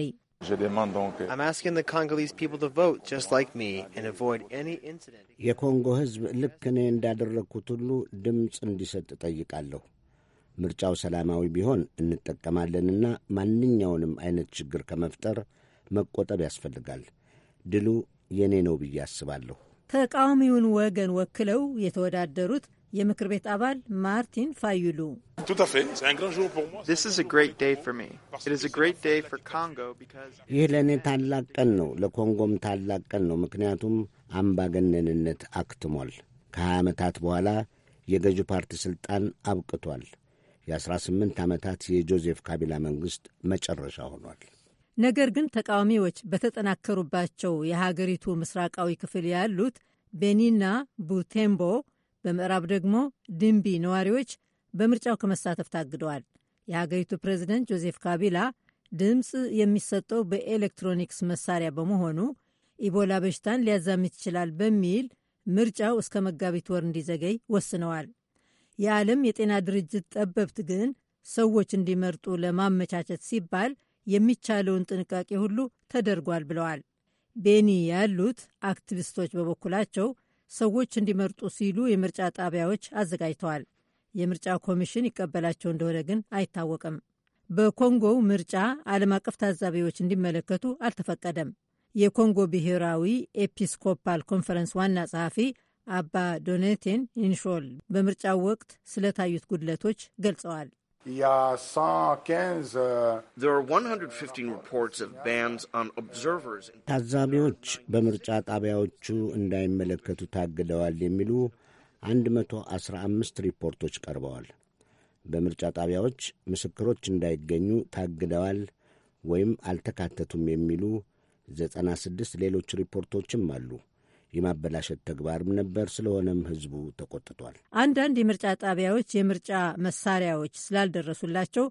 G: የኮንጎ ሕዝብ ልክ እኔ እንዳደረግኩት ሁሉ ድምፅ እንዲሰጥ ጠይቃለሁ። ምርጫው ሰላማዊ ቢሆን እንጠቀማለንና ማንኛውንም አይነት ችግር ከመፍጠር መቆጠብ ያስፈልጋል። ድሉ የኔ ነው ብዬ አስባለሁ።
Q: ተቃዋሚውን ወገን ወክለው የተወዳደሩት የምክር ቤት አባል ማርቲን ፋዩሉ
G: ይህ ለእኔ ታላቅ ቀን ነው፣ ለኮንጎም ታላቅ ቀን ነው። ምክንያቱም አምባገነንነት አክትሟል። ከሀያ ዓመታት በኋላ የገዢ ፓርቲ ሥልጣን አብቅቷል። የ18 ዓመታት የጆዜፍ ካቢላ መንግሥት መጨረሻ ሆኗል።
Q: ነገር ግን ተቃዋሚዎች በተጠናከሩባቸው የሀገሪቱ ምስራቃዊ ክፍል ያሉት ቤኒና ቡቴምቦ፣ በምዕራብ ደግሞ ድንቢ ነዋሪዎች በምርጫው ከመሳተፍ ታግደዋል። የሀገሪቱ ፕሬዚደንት ጆዜፍ ካቢላ ድምፅ የሚሰጠው በኤሌክትሮኒክስ መሳሪያ በመሆኑ ኢቦላ በሽታን ሊያዛምት ይችላል በሚል ምርጫው እስከ መጋቢት ወር እንዲዘገይ ወስነዋል። የዓለም የጤና ድርጅት ጠበብት ግን ሰዎች እንዲመርጡ ለማመቻቸት ሲባል የሚቻለውን ጥንቃቄ ሁሉ ተደርጓል ብለዋል። ቤኒ ያሉት አክቲቪስቶች በበኩላቸው ሰዎች እንዲመርጡ ሲሉ የምርጫ ጣቢያዎች አዘጋጅተዋል። የምርጫ ኮሚሽን ይቀበላቸው እንደሆነ ግን አይታወቅም። በኮንጎው ምርጫ ዓለም አቀፍ ታዛቢዎች እንዲመለከቱ አልተፈቀደም። የኮንጎ ብሔራዊ ኤፒስኮፓል ኮንፈረንስ ዋና ጸሐፊ አባ ዶኔቴን ኢንሾል በምርጫው ወቅት ስለታዩት ጉድለቶች ገልጸዋል።
G: ታዛቢዎች በምርጫ ጣቢያዎቹ እንዳይመለከቱ ታግደዋል የሚሉ 115 ሪፖርቶች ቀርበዋል። በምርጫ ጣቢያዎች ምስክሮች እንዳይገኙ ታግደዋል ወይም አልተካተቱም የሚሉ 96 ሌሎች ሪፖርቶችም አሉ። የማበላሸት ተግባርም ነበር። ስለሆነም ህዝቡ ተቆጥቷል።
Q: አንዳንድ የምርጫ ጣቢያዎች የምርጫ መሳሪያዎች ስላልደረሱላቸው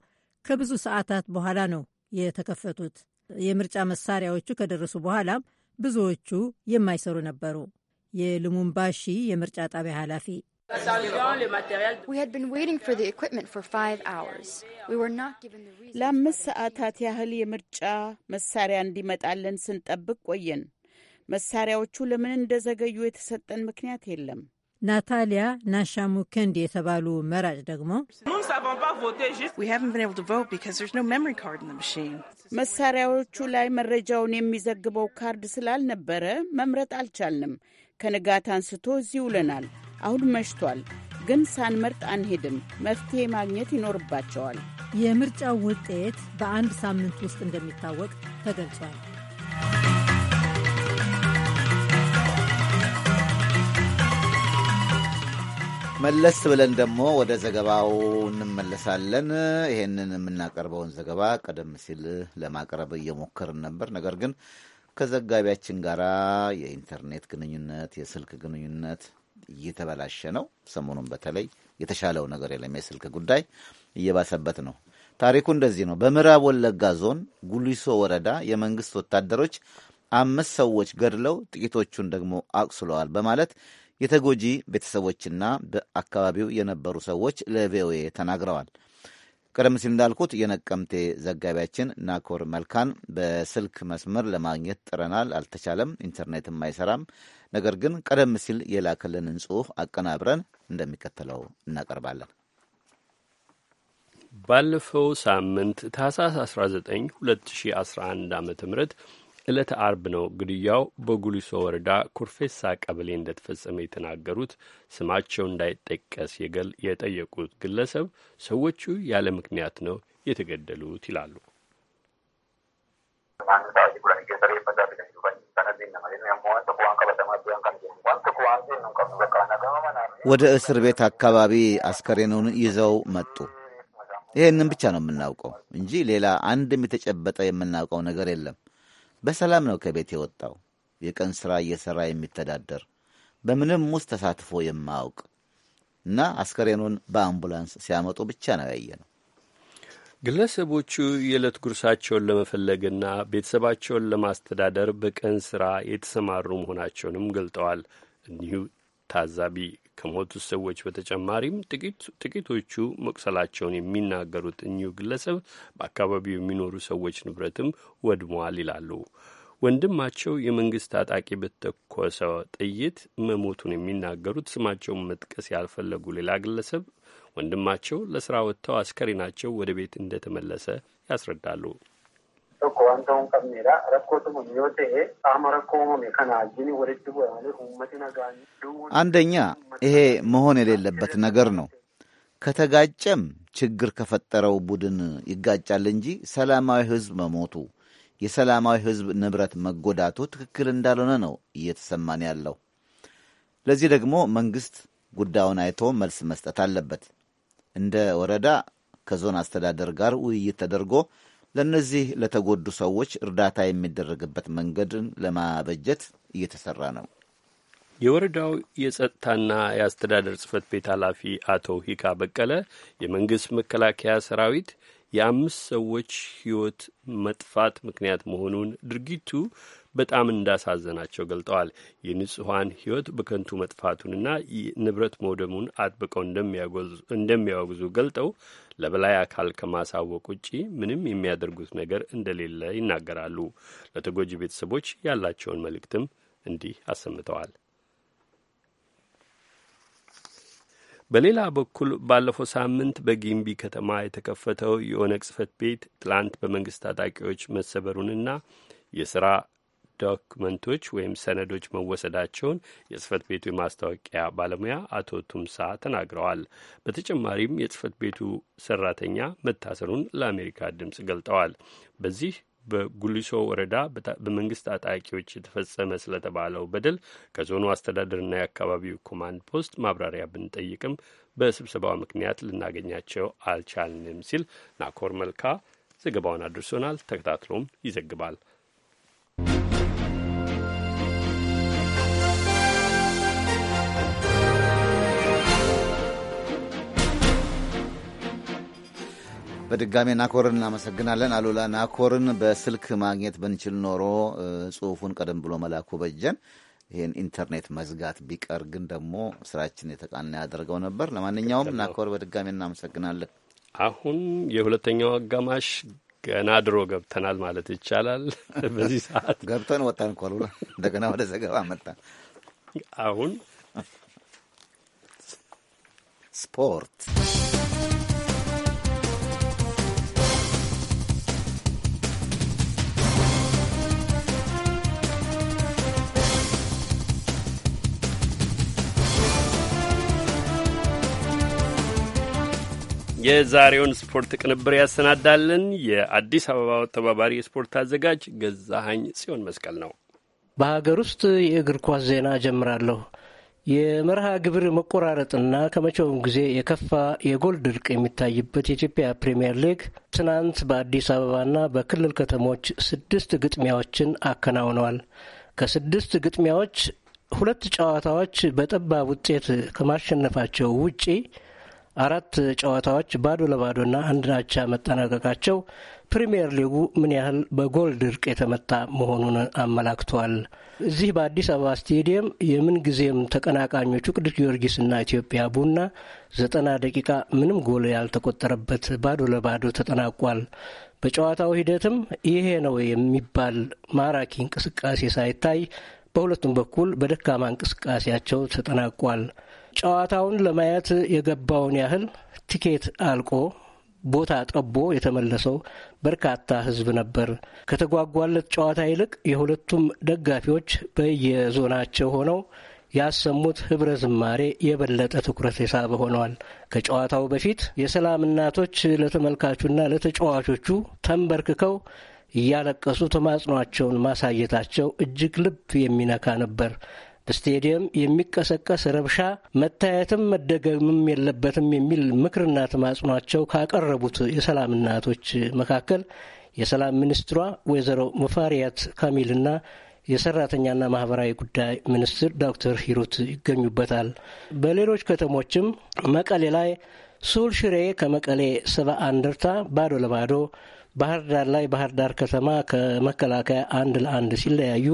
Q: ከብዙ ሰዓታት በኋላ ነው የተከፈቱት። የምርጫ መሳሪያዎቹ ከደረሱ በኋላም ብዙዎቹ የማይሰሩ ነበሩ። የልሙምባሺ የምርጫ ጣቢያ ኃላፊ
F: ለአምስት ሰዓታት ያህል የምርጫ መሳሪያ እንዲመጣልን ስንጠብቅ ቆየን። መሳሪያዎቹ ለምን እንደዘገዩ የተሰጠን ምክንያት የለም።
Q: ናታሊያ ናሻሙከንድ የተባሉ መራጭ ደግሞ መሳሪያዎቹ
F: ላይ መረጃውን የሚዘግበው ካርድ ስላልነበረ መምረጥ አልቻልንም። ከንጋት አንስቶ እዚህ ውለናል። አሁን መሽቷል፣ ግን ሳንመርጥ አንሄድም። መፍትሄ
Q: ማግኘት ይኖርባቸዋል። የምርጫው ውጤት በአንድ ሳምንት ውስጥ እንደሚታወቅ ተገልጿል።
A: መለስ ብለን ደግሞ ወደ ዘገባው እንመለሳለን። ይሄንን የምናቀርበውን ዘገባ ቀደም ሲል ለማቅረብ እየሞከርን ነበር። ነገር ግን ከዘጋቢያችን ጋር የኢንተርኔት ግንኙነት፣ የስልክ ግንኙነት እየተበላሸ ነው። ሰሞኑን በተለይ የተሻለው ነገር የለም። የስልክ ጉዳይ እየባሰበት ነው። ታሪኩ እንደዚህ ነው። በምዕራብ ወለጋ ዞን ጉሊሶ ወረዳ የመንግስት ወታደሮች አምስት ሰዎች ገድለው ጥቂቶቹን ደግሞ አቁስለዋል በማለት የተጎጂ ቤተሰቦችና በአካባቢው የነበሩ ሰዎች ለቪኦኤ ተናግረዋል። ቀደም ሲል እንዳልኩት የነቀምቴ ዘጋቢያችን ናኮር መልካን በስልክ መስመር ለማግኘት ጥረናል፣ አልተቻለም። ኢንተርኔትም አይሰራም። ነገር ግን ቀደም ሲል የላከልንን ጽሑፍ አቀናብረን እንደሚከተለው እናቀርባለን።
B: ባለፈው ሳምንት ታህሳስ 19 2011 ዓ ም ዕለተ አርብ ነው ግድያው በጉሊሶ ወረዳ ኩርፌሳ ቀበሌ እንደተፈጸመ የተናገሩት ስማቸው እንዳይጠቀስ የጠየቁት ግለሰብ ሰዎቹ ያለ ምክንያት ነው የተገደሉት ይላሉ።
A: ወደ እስር ቤት አካባቢ አስከሬኑን ይዘው መጡ። ይህንን ብቻ ነው የምናውቀው እንጂ ሌላ አንድም የተጨበጠ የምናውቀው ነገር የለም። በሰላም ነው ከቤት የወጣው የቀን ሥራ እየሠራ የሚተዳደር በምንም ውስጥ ተሳትፎ የማያውቅ እና አስከሬኑን በአምቡላንስ ሲያመጡ ብቻ ነው ያየ ነው።
B: ግለሰቦቹ የዕለት ጉርሳቸውን ለመፈለግና ቤተሰባቸውን ለማስተዳደር በቀን ሥራ የተሰማሩ መሆናቸውንም ገልጠዋል። እኒሁ ታዛቢ ከሞቱት ሰዎች በተጨማሪም ጥቂቶቹ መቁሰላቸውን የሚናገሩት እኚሁ ግለሰብ በአካባቢው የሚኖሩ ሰዎች ንብረትም ወድሟል ይላሉ። ወንድማቸው የመንግስት ታጣቂ በተኮሰ ጥይት መሞቱን የሚናገሩት ስማቸውን መጥቀስ ያልፈለጉ ሌላ ግለሰብ ወንድማቸው ለስራ ወጥተው አስከሬናቸው ወደ ቤት እንደተመለሰ ያስረዳሉ።
I: wanta hin Rakkoo Rakkootumun yoo ta'e qaama rakkoo uumame kana ajjini walitti bu'aale uummati nagaan
A: አንደኛ ይሄ መሆን የሌለበት ነገር ነው። ከተጋጨም ችግር ከፈጠረው ቡድን ይጋጫል እንጂ ሰላማዊ ሕዝብ መሞቱ የሰላማዊ ሕዝብ ንብረት መጎዳቱ ትክክል እንዳልሆነ ነው እየተሰማን ያለው። ለዚህ ደግሞ መንግሥት ጉዳዩን አይቶ መልስ መስጠት አለበት። እንደ ወረዳ ከዞን አስተዳደር ጋር ውይይት ተደርጎ ለእነዚህ ለተጎዱ ሰዎች እርዳታ የሚደረግበት መንገድን ለማበጀት እየተሰራ ነው። የወረዳው
B: የጸጥታና የአስተዳደር ጽህፈት ቤት ኃላፊ አቶ ሂካ በቀለ የመንግስት መከላከያ ሰራዊት የአምስት ሰዎች ህይወት መጥፋት ምክንያት መሆኑን ድርጊቱ በጣም እንዳሳዘናቸው ገልጠዋል። የንጹሐን ህይወት በከንቱ መጥፋቱንና ንብረት መውደሙን አጥብቀው እንደሚያወግዙ ገልጠው ለበላይ አካል ከማሳወቅ ውጪ ምንም የሚያደርጉት ነገር እንደሌለ ይናገራሉ። ለተጎጂ ቤተሰቦች ያላቸውን መልእክትም እንዲህ አሰምተዋል። በሌላ በኩል ባለፈው ሳምንት በጊምቢ ከተማ የተከፈተው የኦነግ ጽህፈት ቤት ትላንት በመንግስት ታጣቂዎች መሰበሩንና የስራ ዶክመንቶች ወይም ሰነዶች መወሰዳቸውን የጽህፈት ቤቱ የማስታወቂያ ባለሙያ አቶ ቱምሳ ተናግረዋል። በተጨማሪም የጽህፈት ቤቱ ሰራተኛ መታሰሩን ለአሜሪካ ድምፅ ገልጠዋል። በዚህ በጉሊሶ ወረዳ በመንግስት አጣቂዎች የተፈጸመ ስለተባለው በደል ከዞኑ አስተዳደርና የአካባቢው ኮማንድ ፖስት ማብራሪያ ብንጠይቅም በስብሰባው ምክንያት ልናገኛቸው አልቻልንም ሲል ናኮር መልካ ዘገባውን አድርሶናል። ተከታትሎም ይዘግባል።
A: በድጋሜ ናኮርን እናመሰግናለን። አሉላ ናኮርን በስልክ ማግኘት ብንችል ኖሮ ጽሁፉን ቀደም ብሎ መላኩ በጀን ይህን ኢንተርኔት መዝጋት ቢቀር ግን ደግሞ ስራችን የተቃና ያደርገው ነበር። ለማንኛውም ናኮር በድጋሜ እናመሰግናለን። አሁን የሁለተኛው አጋማሽ ገና ድሮ ገብተናል ማለት ይቻላል። በዚህ ሰዓት ገብተን ወጣን እኮ አሉላ። እንደገና ወደ ዘገባ መጣን። አሁን ስፖርት
B: የዛሬውን ስፖርት ቅንብር ያሰናዳልን የአዲስ አበባ ተባባሪ የስፖርት አዘጋጅ ገዛሀኝ ጽዮን መስቀል ነው።
D: በሀገር ውስጥ የእግር ኳስ ዜና ጀምራለሁ የመርሃ ግብር መቆራረጥና ከመቼውም ጊዜ የከፋ የጎል ድርቅ የሚታይበት የኢትዮጵያ ፕሪምየር ሊግ ትናንት በአዲስ አበባና በክልል ከተሞች ስድስት ግጥሚያዎችን አከናውነዋል። ከስድስት ግጥሚያዎች ሁለት ጨዋታዎች በጠባብ ውጤት ከማሸነፋቸው ውጪ አራት ጨዋታዎች ባዶ ለባዶና አንድ አቻ መጠናቀቃቸው ፕሪምየር ሊጉ ምን ያህል በጎል ድርቅ የተመታ መሆኑን አመላክቷል። እዚህ በአዲስ አበባ ስቴዲየም ጊዜም ተቀናቃኞቹ ቅዱስ ጊዮርጊስና ኢትዮጵያ ቡና ዘጠና ደቂቃ ምንም ጎል ያልተቆጠረበት ባዶ ለባዶ ተጠናቋል። በጨዋታው ሂደትም ይሄ ነው የሚባል ማራኪ እንቅስቃሴ ሳይታይ በሁለቱም በኩል በደካማ እንቅስቃሴያቸው ተጠናቋል። ጨዋታውን ለማየት የገባውን ያህል ቲኬት አልቆ ቦታ ጠቦ የተመለሰው በርካታ ሕዝብ ነበር። ከተጓጓለት ጨዋታ ይልቅ የሁለቱም ደጋፊዎች በየዞናቸው ሆነው ያሰሙት ህብረ ዝማሬ የበለጠ ትኩረት የሳበ ሆነዋል። ከጨዋታው በፊት የሰላም እናቶች ለተመልካቹና ለተጫዋቾቹ ተንበርክከው እያለቀሱ ተማጽኗቸውን ማሳየታቸው እጅግ ልብ የሚነካ ነበር። ስቴዲየም የሚቀሰቀስ ረብሻ መታየትም መደገምም የለበትም የሚል ምክርና ተማጽኗቸው ካቀረቡት የሰላም እናቶች መካከል የሰላም ሚኒስትሯ ወይዘሮ ሙፋሪያት ካሚልና የሰራተኛና ማህበራዊ ጉዳይ ሚኒስትር ዶክተር ሂሩት ይገኙበታል። በሌሎች ከተሞችም መቀሌ ላይ ሱል ሽሬ ከመቀሌ ሰባ አንድርታ ባዶ ለባዶ፣ ባህር ዳር ላይ ባህር ዳር ከተማ ከመከላከያ አንድ ለአንድ ሲለያዩ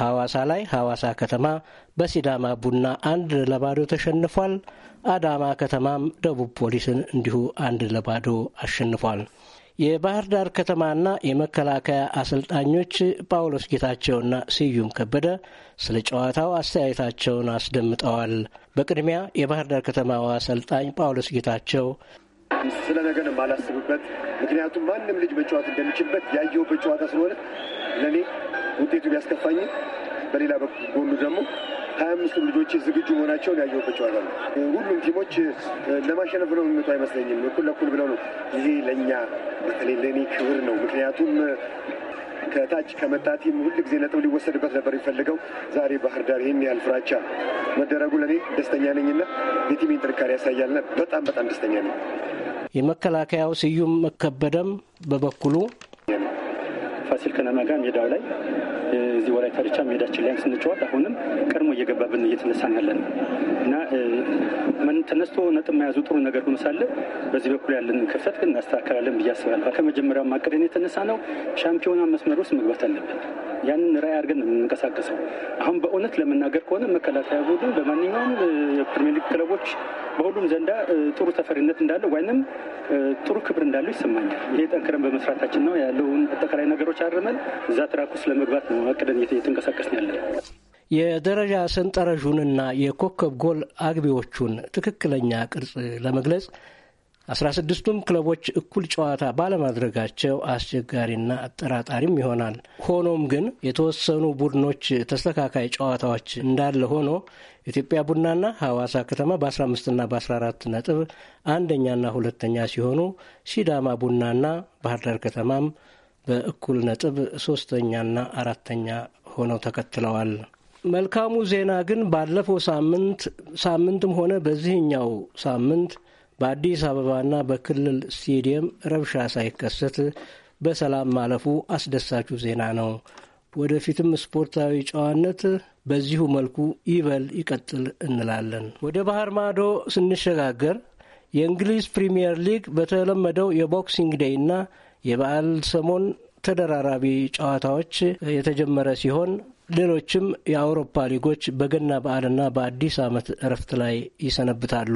D: ሐዋሳ ላይ ሐዋሳ ከተማ በሲዳማ ቡና አንድ ለባዶ ተሸንፏል። አዳማ ከተማም ደቡብ ፖሊስን እንዲሁ አንድ ለባዶ አሸንፏል። የባህር ዳር ከተማና የመከላከያ አሰልጣኞች ጳውሎስ ጌታቸውና ስዩም ከበደ ስለ ጨዋታው አስተያየታቸውን አስደምጠዋል። በቅድሚያ የባህር ዳር ከተማው አሰልጣኝ ጳውሎስ ጌታቸው
I: ስለ ነገር የማላስብበት ምክንያቱም ማንም ልጅ መጫወት እንደሚችልበት ያየሁበት ጨዋታ ስለሆነ ለእኔ ውጤቱ ቢያስከፋኝ፣ በሌላ ጎኑ ደግሞ ሀያ አምስቱም ልጆች ዝግጁ መሆናቸውን ያየሁበት ጨዋታ ነው። ሁሉም ቲሞች ለማሸነፍ ነው የሚመጡ አይመስለኝም። እኩል ለኩል ብለው ነው። ይሄ ለእኛ በተለይ ለእኔ ክብር ነው። ምክንያቱም ከታች ከመጣ ቲም ጊዜ ነጥብ ሊወሰድበት ነበር የሚፈልገው። ዛሬ ባህር ዳር ይህን ያህል ፍራቻ መደረጉ ለእኔ ደስተኛ ነኝና የቲሜን ጥንካሬ ያሳያልና በጣም በጣም ደስተኛ ነኝ።
D: የመከላከያው ስዩም ከበደም በበኩሉ
I: ከፋሲል ከነማ ጋር
C: ሜዳው ላይ እዚህ ወላይታ ድቻ ሜዳችን ላይ ስንጫወት አሁንም ቀድሞ እየገባብን እየተነሳን ያለን እና ምን ተነስቶ ነጥብ መያዙ ጥሩ ነገር ሆኖ ሳለ በዚህ በኩል ያለን ክፍተት ግን እናስተካከላለን ብዬ አስባለሁ። ከመጀመሪያው ማቀደን የተነሳ ነው ሻምፒዮና መስመር ውስጥ መግባት አለብን። ያንን ራዕይ አድርገን የምንንቀሳቀሰው። አሁን በእውነት ለመናገር ከሆነ መከላከያ ቡድን በማንኛውም የፕሪሚየር ሊግ ክለቦች በሁሉም ዘንዳ ጥሩ ተፈሪነት እንዳለ ወይንም ጥሩ ክብር እንዳለው ይሰማኛል። ይሄ ጠንክረን በመስራታችን ነው ያለውን አጠቃላይ ነገሮች አርመን እዛ ትራክ ውስጥ ለመግባት ነው አቅደ ወስደን እየተንቀሳቀስን ያለ
D: የደረጃ ሰንጠረዡንና የኮከብ ጎል አግቢዎቹን ትክክለኛ ቅርጽ ለመግለጽ አስራ ስድስቱም ክለቦች እኩል ጨዋታ ባለማድረጋቸው አስቸጋሪና አጠራጣሪም ይሆናል። ሆኖም ግን የተወሰኑ ቡድኖች ተስተካካይ ጨዋታዎች እንዳለ ሆኖ ኢትዮጵያ ቡናና ሐዋሳ ከተማ በ15ና አራት 14 ነጥብ አንደኛና ሁለተኛ ሲሆኑ ሲዳማ ቡናና ባህር ዳር ከተማም በእኩል ነጥብ ሶስተኛና አራተኛ ሆነው ተከትለዋል። መልካሙ ዜና ግን ባለፈው ሳምንት ሳምንትም ሆነ በዚህኛው ሳምንት በአዲስ አበባና በክልል ስቴዲየም ረብሻ ሳይከሰት በሰላም ማለፉ አስደሳቹ ዜና ነው። ወደፊትም ስፖርታዊ ጨዋነት በዚሁ መልኩ ይበል ይቀጥል እንላለን። ወደ ባህር ማዶ ስንሸጋገር የእንግሊዝ ፕሪምየር ሊግ በተለመደው የቦክሲንግ ዴይና የበዓል ሰሞን ተደራራቢ ጨዋታዎች የተጀመረ ሲሆን ሌሎችም የአውሮፓ ሊጎች በገና በዓልና በአዲስ ዓመት እረፍት ላይ ይሰነብታሉ።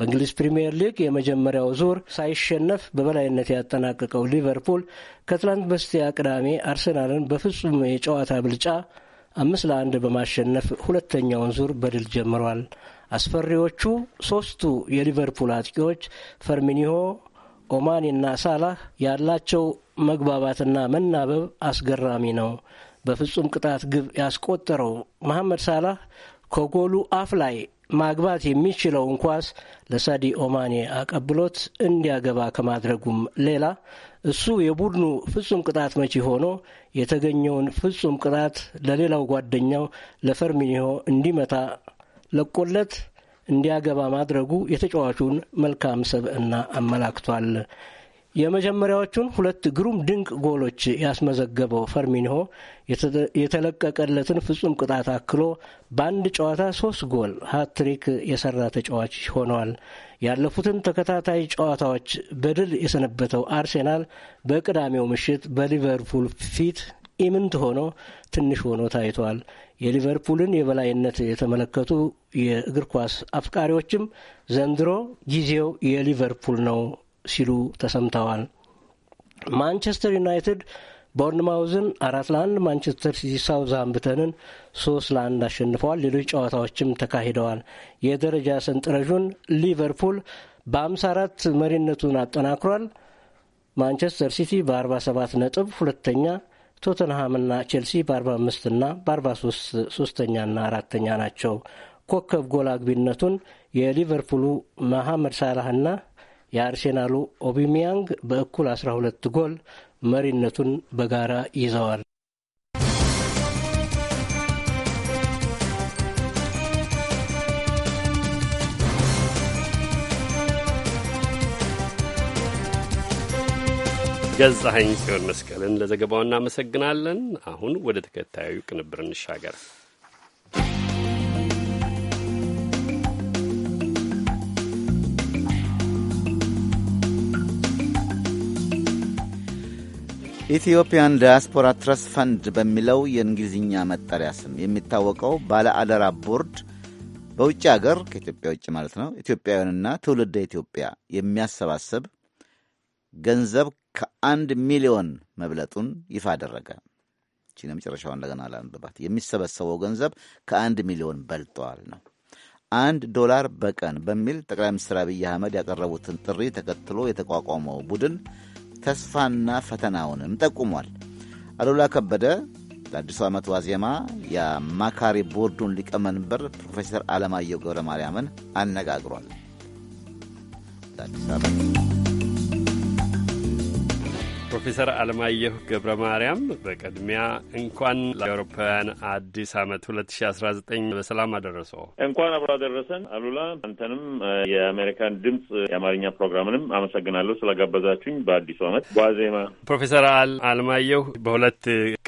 D: በእንግሊዝ ፕሪምየር ሊግ የመጀመሪያው ዙር ሳይሸነፍ በበላይነት ያጠናቀቀው ሊቨርፑል ከትላንት በስቲያ ቅዳሜ አርሰናልን በፍጹም የጨዋታ ብልጫ አምስት ለአንድ በማሸነፍ ሁለተኛውን ዙር በድል ጀምሯል። አስፈሪዎቹ ሶስቱ የሊቨርፑል አጥቂዎች ፈርሚኒሆ ኦማኒና ሳላህ ያላቸው መግባባትና መናበብ አስገራሚ ነው። በፍጹም ቅጣት ግብ ያስቆጠረው መሐመድ ሳላህ ከጎሉ አፍ ላይ ማግባት የሚችለውን ኳስ ለሳዲ ኦማኔ አቀብሎት እንዲያገባ ከማድረጉም ሌላ እሱ የቡድኑ ፍጹም ቅጣት መቺ ሆኖ የተገኘውን ፍጹም ቅጣት ለሌላው ጓደኛው ለፈርሚኒሆ እንዲመታ ለቆለት እንዲያገባ ማድረጉ የተጫዋቹን መልካም ስብዕና አመላክቷል። የመጀመሪያዎቹን ሁለት ግሩም ድንቅ ጎሎች ያስመዘገበው ፈርሚኒሆ የተለቀቀለትን ፍጹም ቅጣት አክሎ በአንድ ጨዋታ ሶስት ጎል ሀትሪክ የሰራ ተጫዋች ሆነዋል። ያለፉትን ተከታታይ ጨዋታዎች በድል የሰነበተው አርሴናል በቅዳሜው ምሽት በሊቨርፑል ፊት ኢምንት ሆኖ ትንሽ ሆኖ ታይቷል። የሊቨርፑልን የበላይነት የተመለከቱ የእግር ኳስ አፍቃሪዎችም ዘንድሮ ጊዜው የሊቨርፑል ነው ሲሉ ተሰምተዋል። ማንቸስተር ዩናይትድ ቦርንማውዝን አራት ለአንድ፣ ማንቸስተር ሲቲ ሳውዝሃምፕተንን ሶስት ለአንድ አሸንፈዋል። ሌሎች ጨዋታዎችም ተካሂደዋል። የደረጃ ሰንጠረዡን ሊቨርፑል በአምሳ አራት መሪነቱን አጠናክሯል። ማንቸስተር ሲቲ በአርባ ሰባት ነጥብ ሁለተኛ ቶተንሃምና ቼልሲ በ45 እና በ43 ሶስተኛና አራተኛ ናቸው። ኮከብ ጎል አግቢነቱን የሊቨርፑሉ መሐመድ ሳላህና የአርሴናሉ ኦቢሚያንግ በእኩል 12 ጎል መሪነቱን በጋራ ይዘዋል።
B: ገዛኸኝ ጽዮን መስቀልን ለዘገባው እናመሰግናለን። አሁን ወደ ተከታዩ ቅንብር እንሻገር።
A: ኢትዮጵያን ዳያስፖራ ትረስ ፈንድ በሚለው የእንግሊዝኛ መጠሪያ ስም የሚታወቀው ባለ አደራ ቦርድ በውጭ አገር ከኢትዮጵያ ውጭ ማለት ነው ኢትዮጵያውያንና ትውልደ ኢትዮጵያ የሚያሰባስብ ገንዘብ ከአንድ ሚሊዮን መብለጡን ይፋ አደረገ። ቺን የመጨረሻውን እንደገና ለአንብባት። የሚሰበሰበው ገንዘብ ከአንድ ሚሊዮን በልጠዋል ነው አንድ ዶላር በቀን በሚል ጠቅላይ ሚኒስትር አብይ አህመድ ያቀረቡትን ጥሪ ተከትሎ የተቋቋመው ቡድን ተስፋና ፈተናውንም ጠቁሟል። አሉላ ከበደ ለአዲሱ ዓመት ዋዜማ የአማካሪ ቦርዱን ሊቀመንበር ፕሮፌሰር አለማየሁ ገብረ ማርያምን አነጋግሯል። ለአዲስ
B: ፕሮፌሰር አለማየሁ ገብረ ማርያም በቅድሚያ እንኳን ለአውሮፓውያን አዲስ ዓመት 2019 በሰላም አደረሰ።
H: እንኳን አብሮ አደረሰን። አሉላ አንተንም የአሜሪካን ድምፅ የአማርኛ ፕሮግራምንም አመሰግናለሁ ስለጋበዛችሁኝ በአዲሱ ዓመት ዋዜማ።
B: ፕሮፌሰር አለማየሁ በሁለት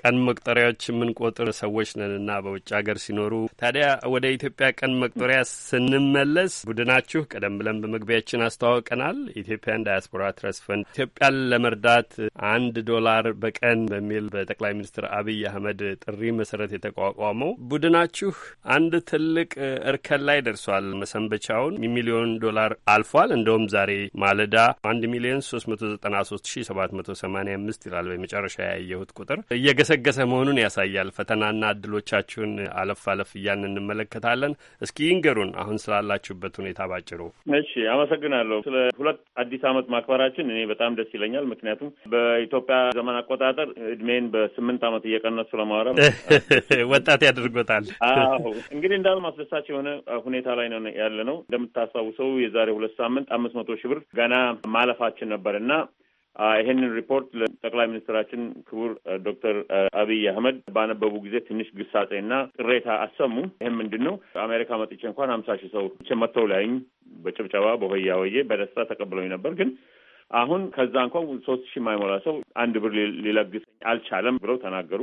B: ቀን መቁጠሪያዎች የምንቆጥር ሰዎች ና በውጭ ሀገር ሲኖሩ ታዲያ ወደ ኢትዮጵያ ቀን መቁጠሪያ ስንመለስ ቡድናችሁ ቀደም ብለን በመግቢያችን አስተዋውቀናል ኢትዮጵያን ዳያስፖራ ትረስፈን ኢትዮጵያን ለመርዳት አንድ ዶላር በቀን በሚል በጠቅላይ ሚኒስትር አብይ አህመድ ጥሪ መሰረት የተቋቋመው ቡድናችሁ አንድ ትልቅ እርከን ላይ ደርሷል። መሰንበቻውን ሚሊዮን ዶላር አልፏል። እንደውም ዛሬ ማለዳ አንድ ሚሊዮን ሶስት መቶ ዘጠና ሶስት ሺ ሰባት መቶ ሰማኒያ አምስት ይላል በመጨረሻ ያየሁት ቁጥር እየገሰገሰ መሆኑን ያሳያል። ፈተናና እድሎቻችሁን አለፍ አለፍ እያን እንመለከታለን። እስኪ ይንገሩን አሁን ስላላችሁበት ሁኔታ ባጭሩ።
H: እሺ፣ አመሰግናለሁ። ስለ ሁለት አዲስ አመት ማክበራችን እኔ በጣም ደስ ይለኛል። ምክንያቱም በ በኢትዮጵያ ዘመን አቆጣጠር እድሜን በስምንት ዓመት እየቀነሱ ለማውራት ወጣት ያደርጎታል። አዎ እንግዲህ እንዳልም አስደሳች የሆነ ሁኔታ ላይ ነው ያለ ነው። እንደምታስታውሰው የዛሬ ሁለት ሳምንት አምስት መቶ ሺህ ብር ገና ማለፋችን ነበር እና ይህንን ሪፖርት ለጠቅላይ ሚኒስትራችን ክቡር ዶክተር አብይ አህመድ ባነበቡ ጊዜ ትንሽ ግሳጼና ቅሬታ አሰሙ። ይህም ምንድን ነው? አሜሪካ መጥቼ እንኳን ሀምሳ ሺህ ሰው መጥተው ላይኝ በጭብጨባ በሆያ ወዬ በደስታ ተቀብለውኝ ነበር ግን አሁን ከዛ እንኳን ሶስት ሺህ የማይሞላ ሰው አንድ ብር ሊለግስ አልቻለም ብለው ተናገሩ።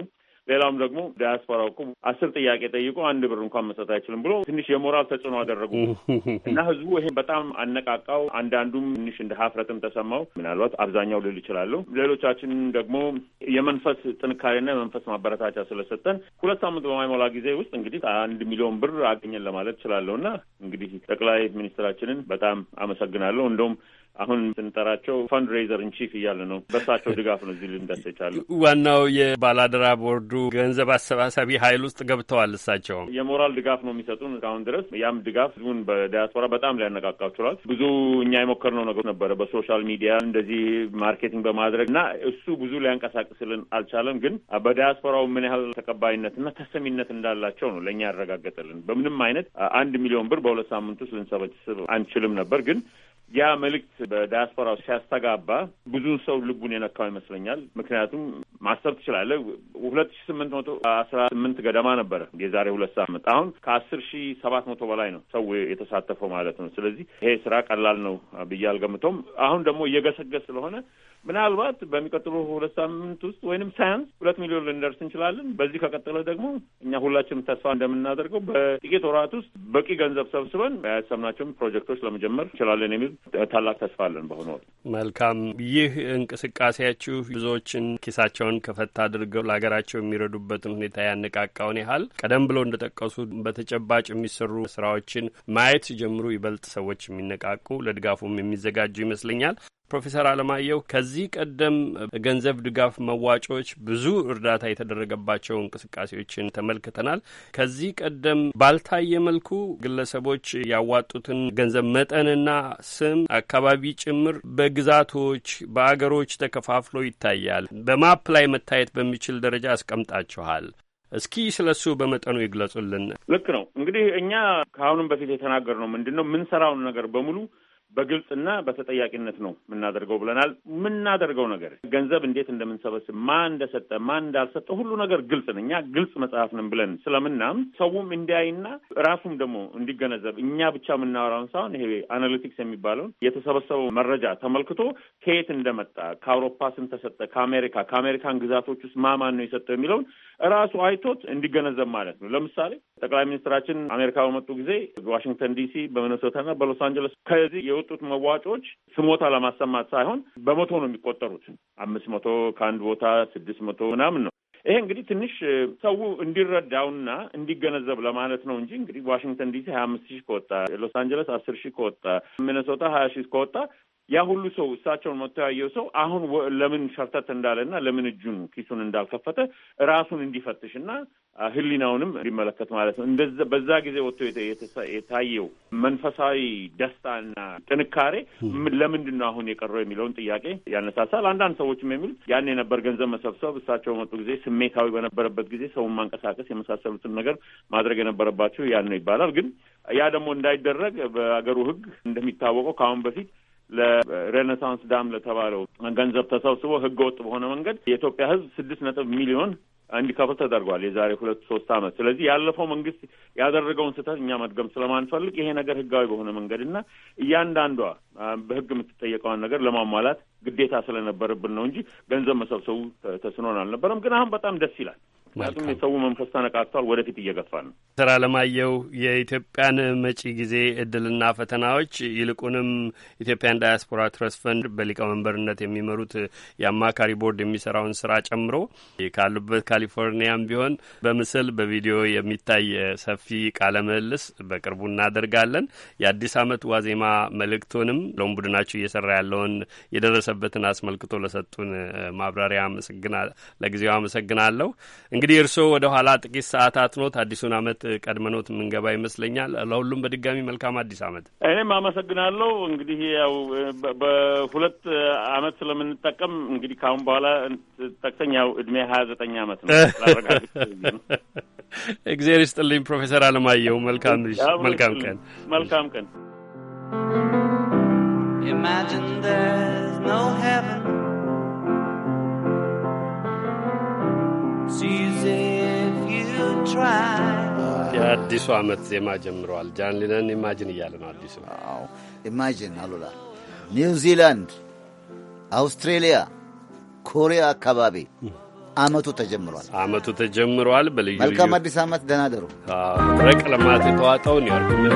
H: ሌላውም ደግሞ ዲያስፖራ እኮ አስር ጥያቄ ጠይቆ አንድ ብር እንኳን መስጠት አይችልም ብሎ ትንሽ የሞራል ተጽዕኖ አደረጉ እና ህዝቡ ይሄ በጣም አነቃቃው። አንዳንዱም ትንሽ እንደ ሀፍረትም ተሰማው። ምናልባት አብዛኛው ልል ይችላለሁ። ሌሎቻችን ደግሞ የመንፈስ ጥንካሬና የመንፈስ ማበረታቻ ስለሰጠን ሁለት ሳምንት በማይሞላ ጊዜ ውስጥ እንግዲህ አንድ ሚሊዮን ብር አገኘን ለማለት እችላለሁ እና እንግዲህ ጠቅላይ ሚኒስትራችንን በጣም አመሰግናለሁ። እንደውም አሁን ስንጠራቸው ፈንድሬዘር እንቺፍ እያለ ነው። በእሳቸው ድጋፍ ነው እዚህ ልንደርስ የቻለው።
B: ዋናው የባላደራ ቦርዱ ገንዘብ አሰባሳቢ ኃይል ውስጥ ገብተዋል። እሳቸውም
H: የሞራል ድጋፍ ነው የሚሰጡን እስካሁን ድረስ። ያም ድጋፍ ህዝቡን በዲያስፖራ በጣም ሊያነቃቃው ችሏል። ብዙ እኛ የሞከርነው ነገር ነበረ በሶሻል ሚዲያ እንደዚህ ማርኬቲንግ በማድረግ እና እሱ ብዙ ሊያንቀሳቅስልን አልቻለም። ግን በዲያስፖራው ምን ያህል ተቀባይነትና ተሰሚነት እንዳላቸው ነው ለእኛ ያረጋገጠልን። በምንም አይነት አንድ ሚሊዮን ብር በሁለት ሳምንት ውስጥ ልንሰበስብ አንችልም ነበር ግን ያ መልእክት በዳያስፖራው ሲያስተጋባ ብዙ ሰው ልቡን የነካው ይመስለኛል። ምክንያቱም ማሰብ ትችላለህ ሁለት ሺ ስምንት መቶ አስራ ስምንት ገደማ ነበረ የዛሬ ሁለት ሳምንት አሁን ከአስር ሺ ሰባት መቶ በላይ ነው ሰው የተሳተፈው ማለት ነው። ስለዚህ ይሄ ስራ ቀላል ነው ብዬ አልገምተውም። አሁን ደግሞ እየገሰገስ ስለሆነ ምናልባት በሚቀጥሉ ሁለት ሳምንት ውስጥ ወይንም ሳያንስ ሁለት ሚሊዮን ልንደርስ እንችላለን። በዚህ ከቀጠለ ደግሞ እኛ ሁላችንም ተስፋ እንደምናደርገው በጥቂት ወራት ውስጥ በቂ ገንዘብ ሰብስበን ያሰብናቸውን ፕሮጀክቶች ለመጀመር እንችላለን የሚል ታላቅ ተስፋ አለን። በአሁኑ ወቅት
B: መልካም። ይህ እንቅስቃሴያችሁ ብዙዎችን ኪሳቸውን ከፈታ አድርገው ለሀገራቸው የሚረዱበትን ሁኔታ ያነቃቃውን ያህል ቀደም ብሎ እንደጠቀሱ በተጨባጭ የሚሰሩ ስራዎችን ማየት ሲጀምሩ ይበልጥ ሰዎች የሚነቃቁ ለድጋፉም የሚዘጋጁ ይመስለኛል። ፕሮፌሰር አለማየሁ ከዚህ ቀደም ገንዘብ ድጋፍ መዋጮዎች ብዙ እርዳታ የተደረገባቸው እንቅስቃሴዎችን ተመልክተናል። ከዚህ ቀደም ባልታየ መልኩ ግለሰቦች ያዋጡትን ገንዘብ መጠንና ስም አካባቢ ጭምር በግዛቶች በአገሮች ተከፋፍሎ ይታያል። በማፕ ላይ መታየት በሚችል ደረጃ አስቀምጣችኋል። እስኪ ስለ እሱ በመጠኑ ይግለጹልን።
H: ልክ ነው። እንግዲህ እኛ ከአሁንም በፊት የተናገር ነው ምንድን ነው የምንሰራውን ነገር በሙሉ በግልጽና በተጠያቂነት ነው የምናደርገው ብለናል። የምናደርገው ነገር ገንዘብ እንዴት እንደምንሰበስብ፣ ማን እንደሰጠ፣ ማን እንዳልሰጠ ሁሉ ነገር ግልጽ ነው። እኛ ግልጽ መጽሐፍ ነን ብለን ስለምናም ሰውም እንዲያይና ራሱም ደግሞ እንዲገነዘብ እኛ ብቻ የምናወራውን ሳይሆን ይሄ አናሊቲክስ የሚባለውን የተሰበሰበው መረጃ ተመልክቶ ከየት እንደመጣ ከአውሮፓ ስንት ተሰጠ፣ ከአሜሪካ ከአሜሪካን ግዛቶች ውስጥ ማማን ነው የሰጠው የሚለውን ራሱ አይቶት እንዲገነዘብ ማለት ነው። ለምሳሌ ጠቅላይ ሚኒስትራችን አሜሪካ በመጡ ጊዜ ዋሽንግተን ዲሲ፣ በሚኒሶታና በሎስ አንጀለስ ከዚህ የሚወጡት መዋጮች ስሞታ ለማሰማት ሳይሆን በመቶ ነው የሚቆጠሩት። አምስት መቶ ከአንድ ቦታ ስድስት መቶ ምናምን ነው። ይሄ እንግዲህ ትንሽ ሰው እንዲረዳውና እንዲገነዘብ ለማለት ነው እንጂ እንግዲህ ዋሽንግተን ዲሲ ሀያ አምስት ሺህ ከወጣ ሎስ አንጀለስ አስር ሺህ ከወጣ ሚነሶታ ሀያ ሺህ ከወጣ ያ ሁሉ ሰው እሳቸውን መጥቶ ያየው ሰው አሁን ለምን ሸርተት እንዳለና ለምን እጁን ኪሱን እንዳልከፈተ ራሱን እንዲፈትሽ እና ህሊናውንም እንዲመለከት ማለት ነው። እንደዛ በዛ ጊዜ ወጥቶ የታየው መንፈሳዊ ደስታና ጥንካሬ ለምንድን ነው አሁን የቀረው የሚለውን ጥያቄ ያነሳሳል። አንዳንድ ሰዎችም የሚሉት ያን የነበር ገንዘብ መሰብሰብ፣ እሳቸው በመጡ ጊዜ ስሜታዊ በነበረበት ጊዜ ሰውን ማንቀሳቀስ፣ የመሳሰሉትን ነገር ማድረግ የነበረባቸው ያን ነው ይባላል። ግን ያ ደግሞ እንዳይደረግ በአገሩ ህግ እንደሚታወቀው ከአሁን በፊት ለሬኔሳንስ ዳም ለተባለው ገንዘብ ተሰብስቦ ህገ ወጥ በሆነ መንገድ የኢትዮጵያ ህዝብ ስድስት ነጥብ ሚሊዮን እንዲከፍል ተደርጓል። የዛሬ ሁለት ሶስት ዓመት። ስለዚህ ያለፈው መንግስት ያደረገውን ስህተት እኛ መድገም ስለማንፈልግ ይሄ ነገር ህጋዊ በሆነ መንገድ እና እያንዳንዷ በህግ የምትጠየቀውን ነገር ለማሟላት ግዴታ ስለነበረብን ነው እንጂ ገንዘብ መሰብሰቡ ተስኖን አልነበረም። ግን አሁን በጣም ደስ ይላል። ምክንያቱም የሰው መንፈስ ተነቃቅቷል። ወደፊት እየገፋ ነው።
B: ስራ ለማየው የኢትዮጵያን መጪ ጊዜ እድልና ፈተናዎች ይልቁንም ኢትዮጵያን ዳያስፖራ ትረስ ፈንድ በሊቀመንበርነት የሚመሩት የአማካሪ ቦርድ የሚሰራውን ስራ ጨምሮ ካሉበት ካሊፎርኒያም ቢሆን በምስል በቪዲዮ የሚታይ ሰፊ ቃለ ምልልስ በቅርቡ እናደርጋለን። የአዲስ ዓመት ዋዜማ መልእክቶንም ለውን ቡድናቸው እየሰራ ያለውን የደረሰበትን አስመልክቶ ለሰጡን ማብራሪያ ለጊዜው አመሰግናለሁ። እንግዲህ እርስዎ ወደ ኋላ ጥቂት ሰዓታት ኖት፣ አዲሱን አመት ቀድመኖት የምንገባ ይመስለኛል። ለሁሉም በድጋሚ መልካም አዲስ አመት።
H: እኔም አመሰግናለሁ። እንግዲህ ያው በሁለት አመት ስለምንጠቀም እንግዲህ ከአሁን በኋላ ጠቅሰኝ ያው እድሜ ሀያ ዘጠኝ አመት ነው። እግዜር
B: ይስጥልኝ ፕሮፌሰር አለማየሁ መልካም መልካም ቀን
C: መልካም ቀን። Imagine there's no heaven
B: የአዲሱ ዓመት ዜማ ጀምረዋል። ጃን
A: ሊነን ኢማጂን እያለ ነው አዲሱ። አዎ ኢማጂን አሉላ። ኒውዚላንድ፣ አውስትሬሊያ፣ ኮሪያ አካባቢ አመቱ ተጀምሯል። አመቱ
J: ተጀምሯል። በልዩ
A: መልካም አዲስ ዓመት ደናደሩ
J: ደሩ።
A: ደረቅ ልማት
J: የተዋጠው ኒውዮርክ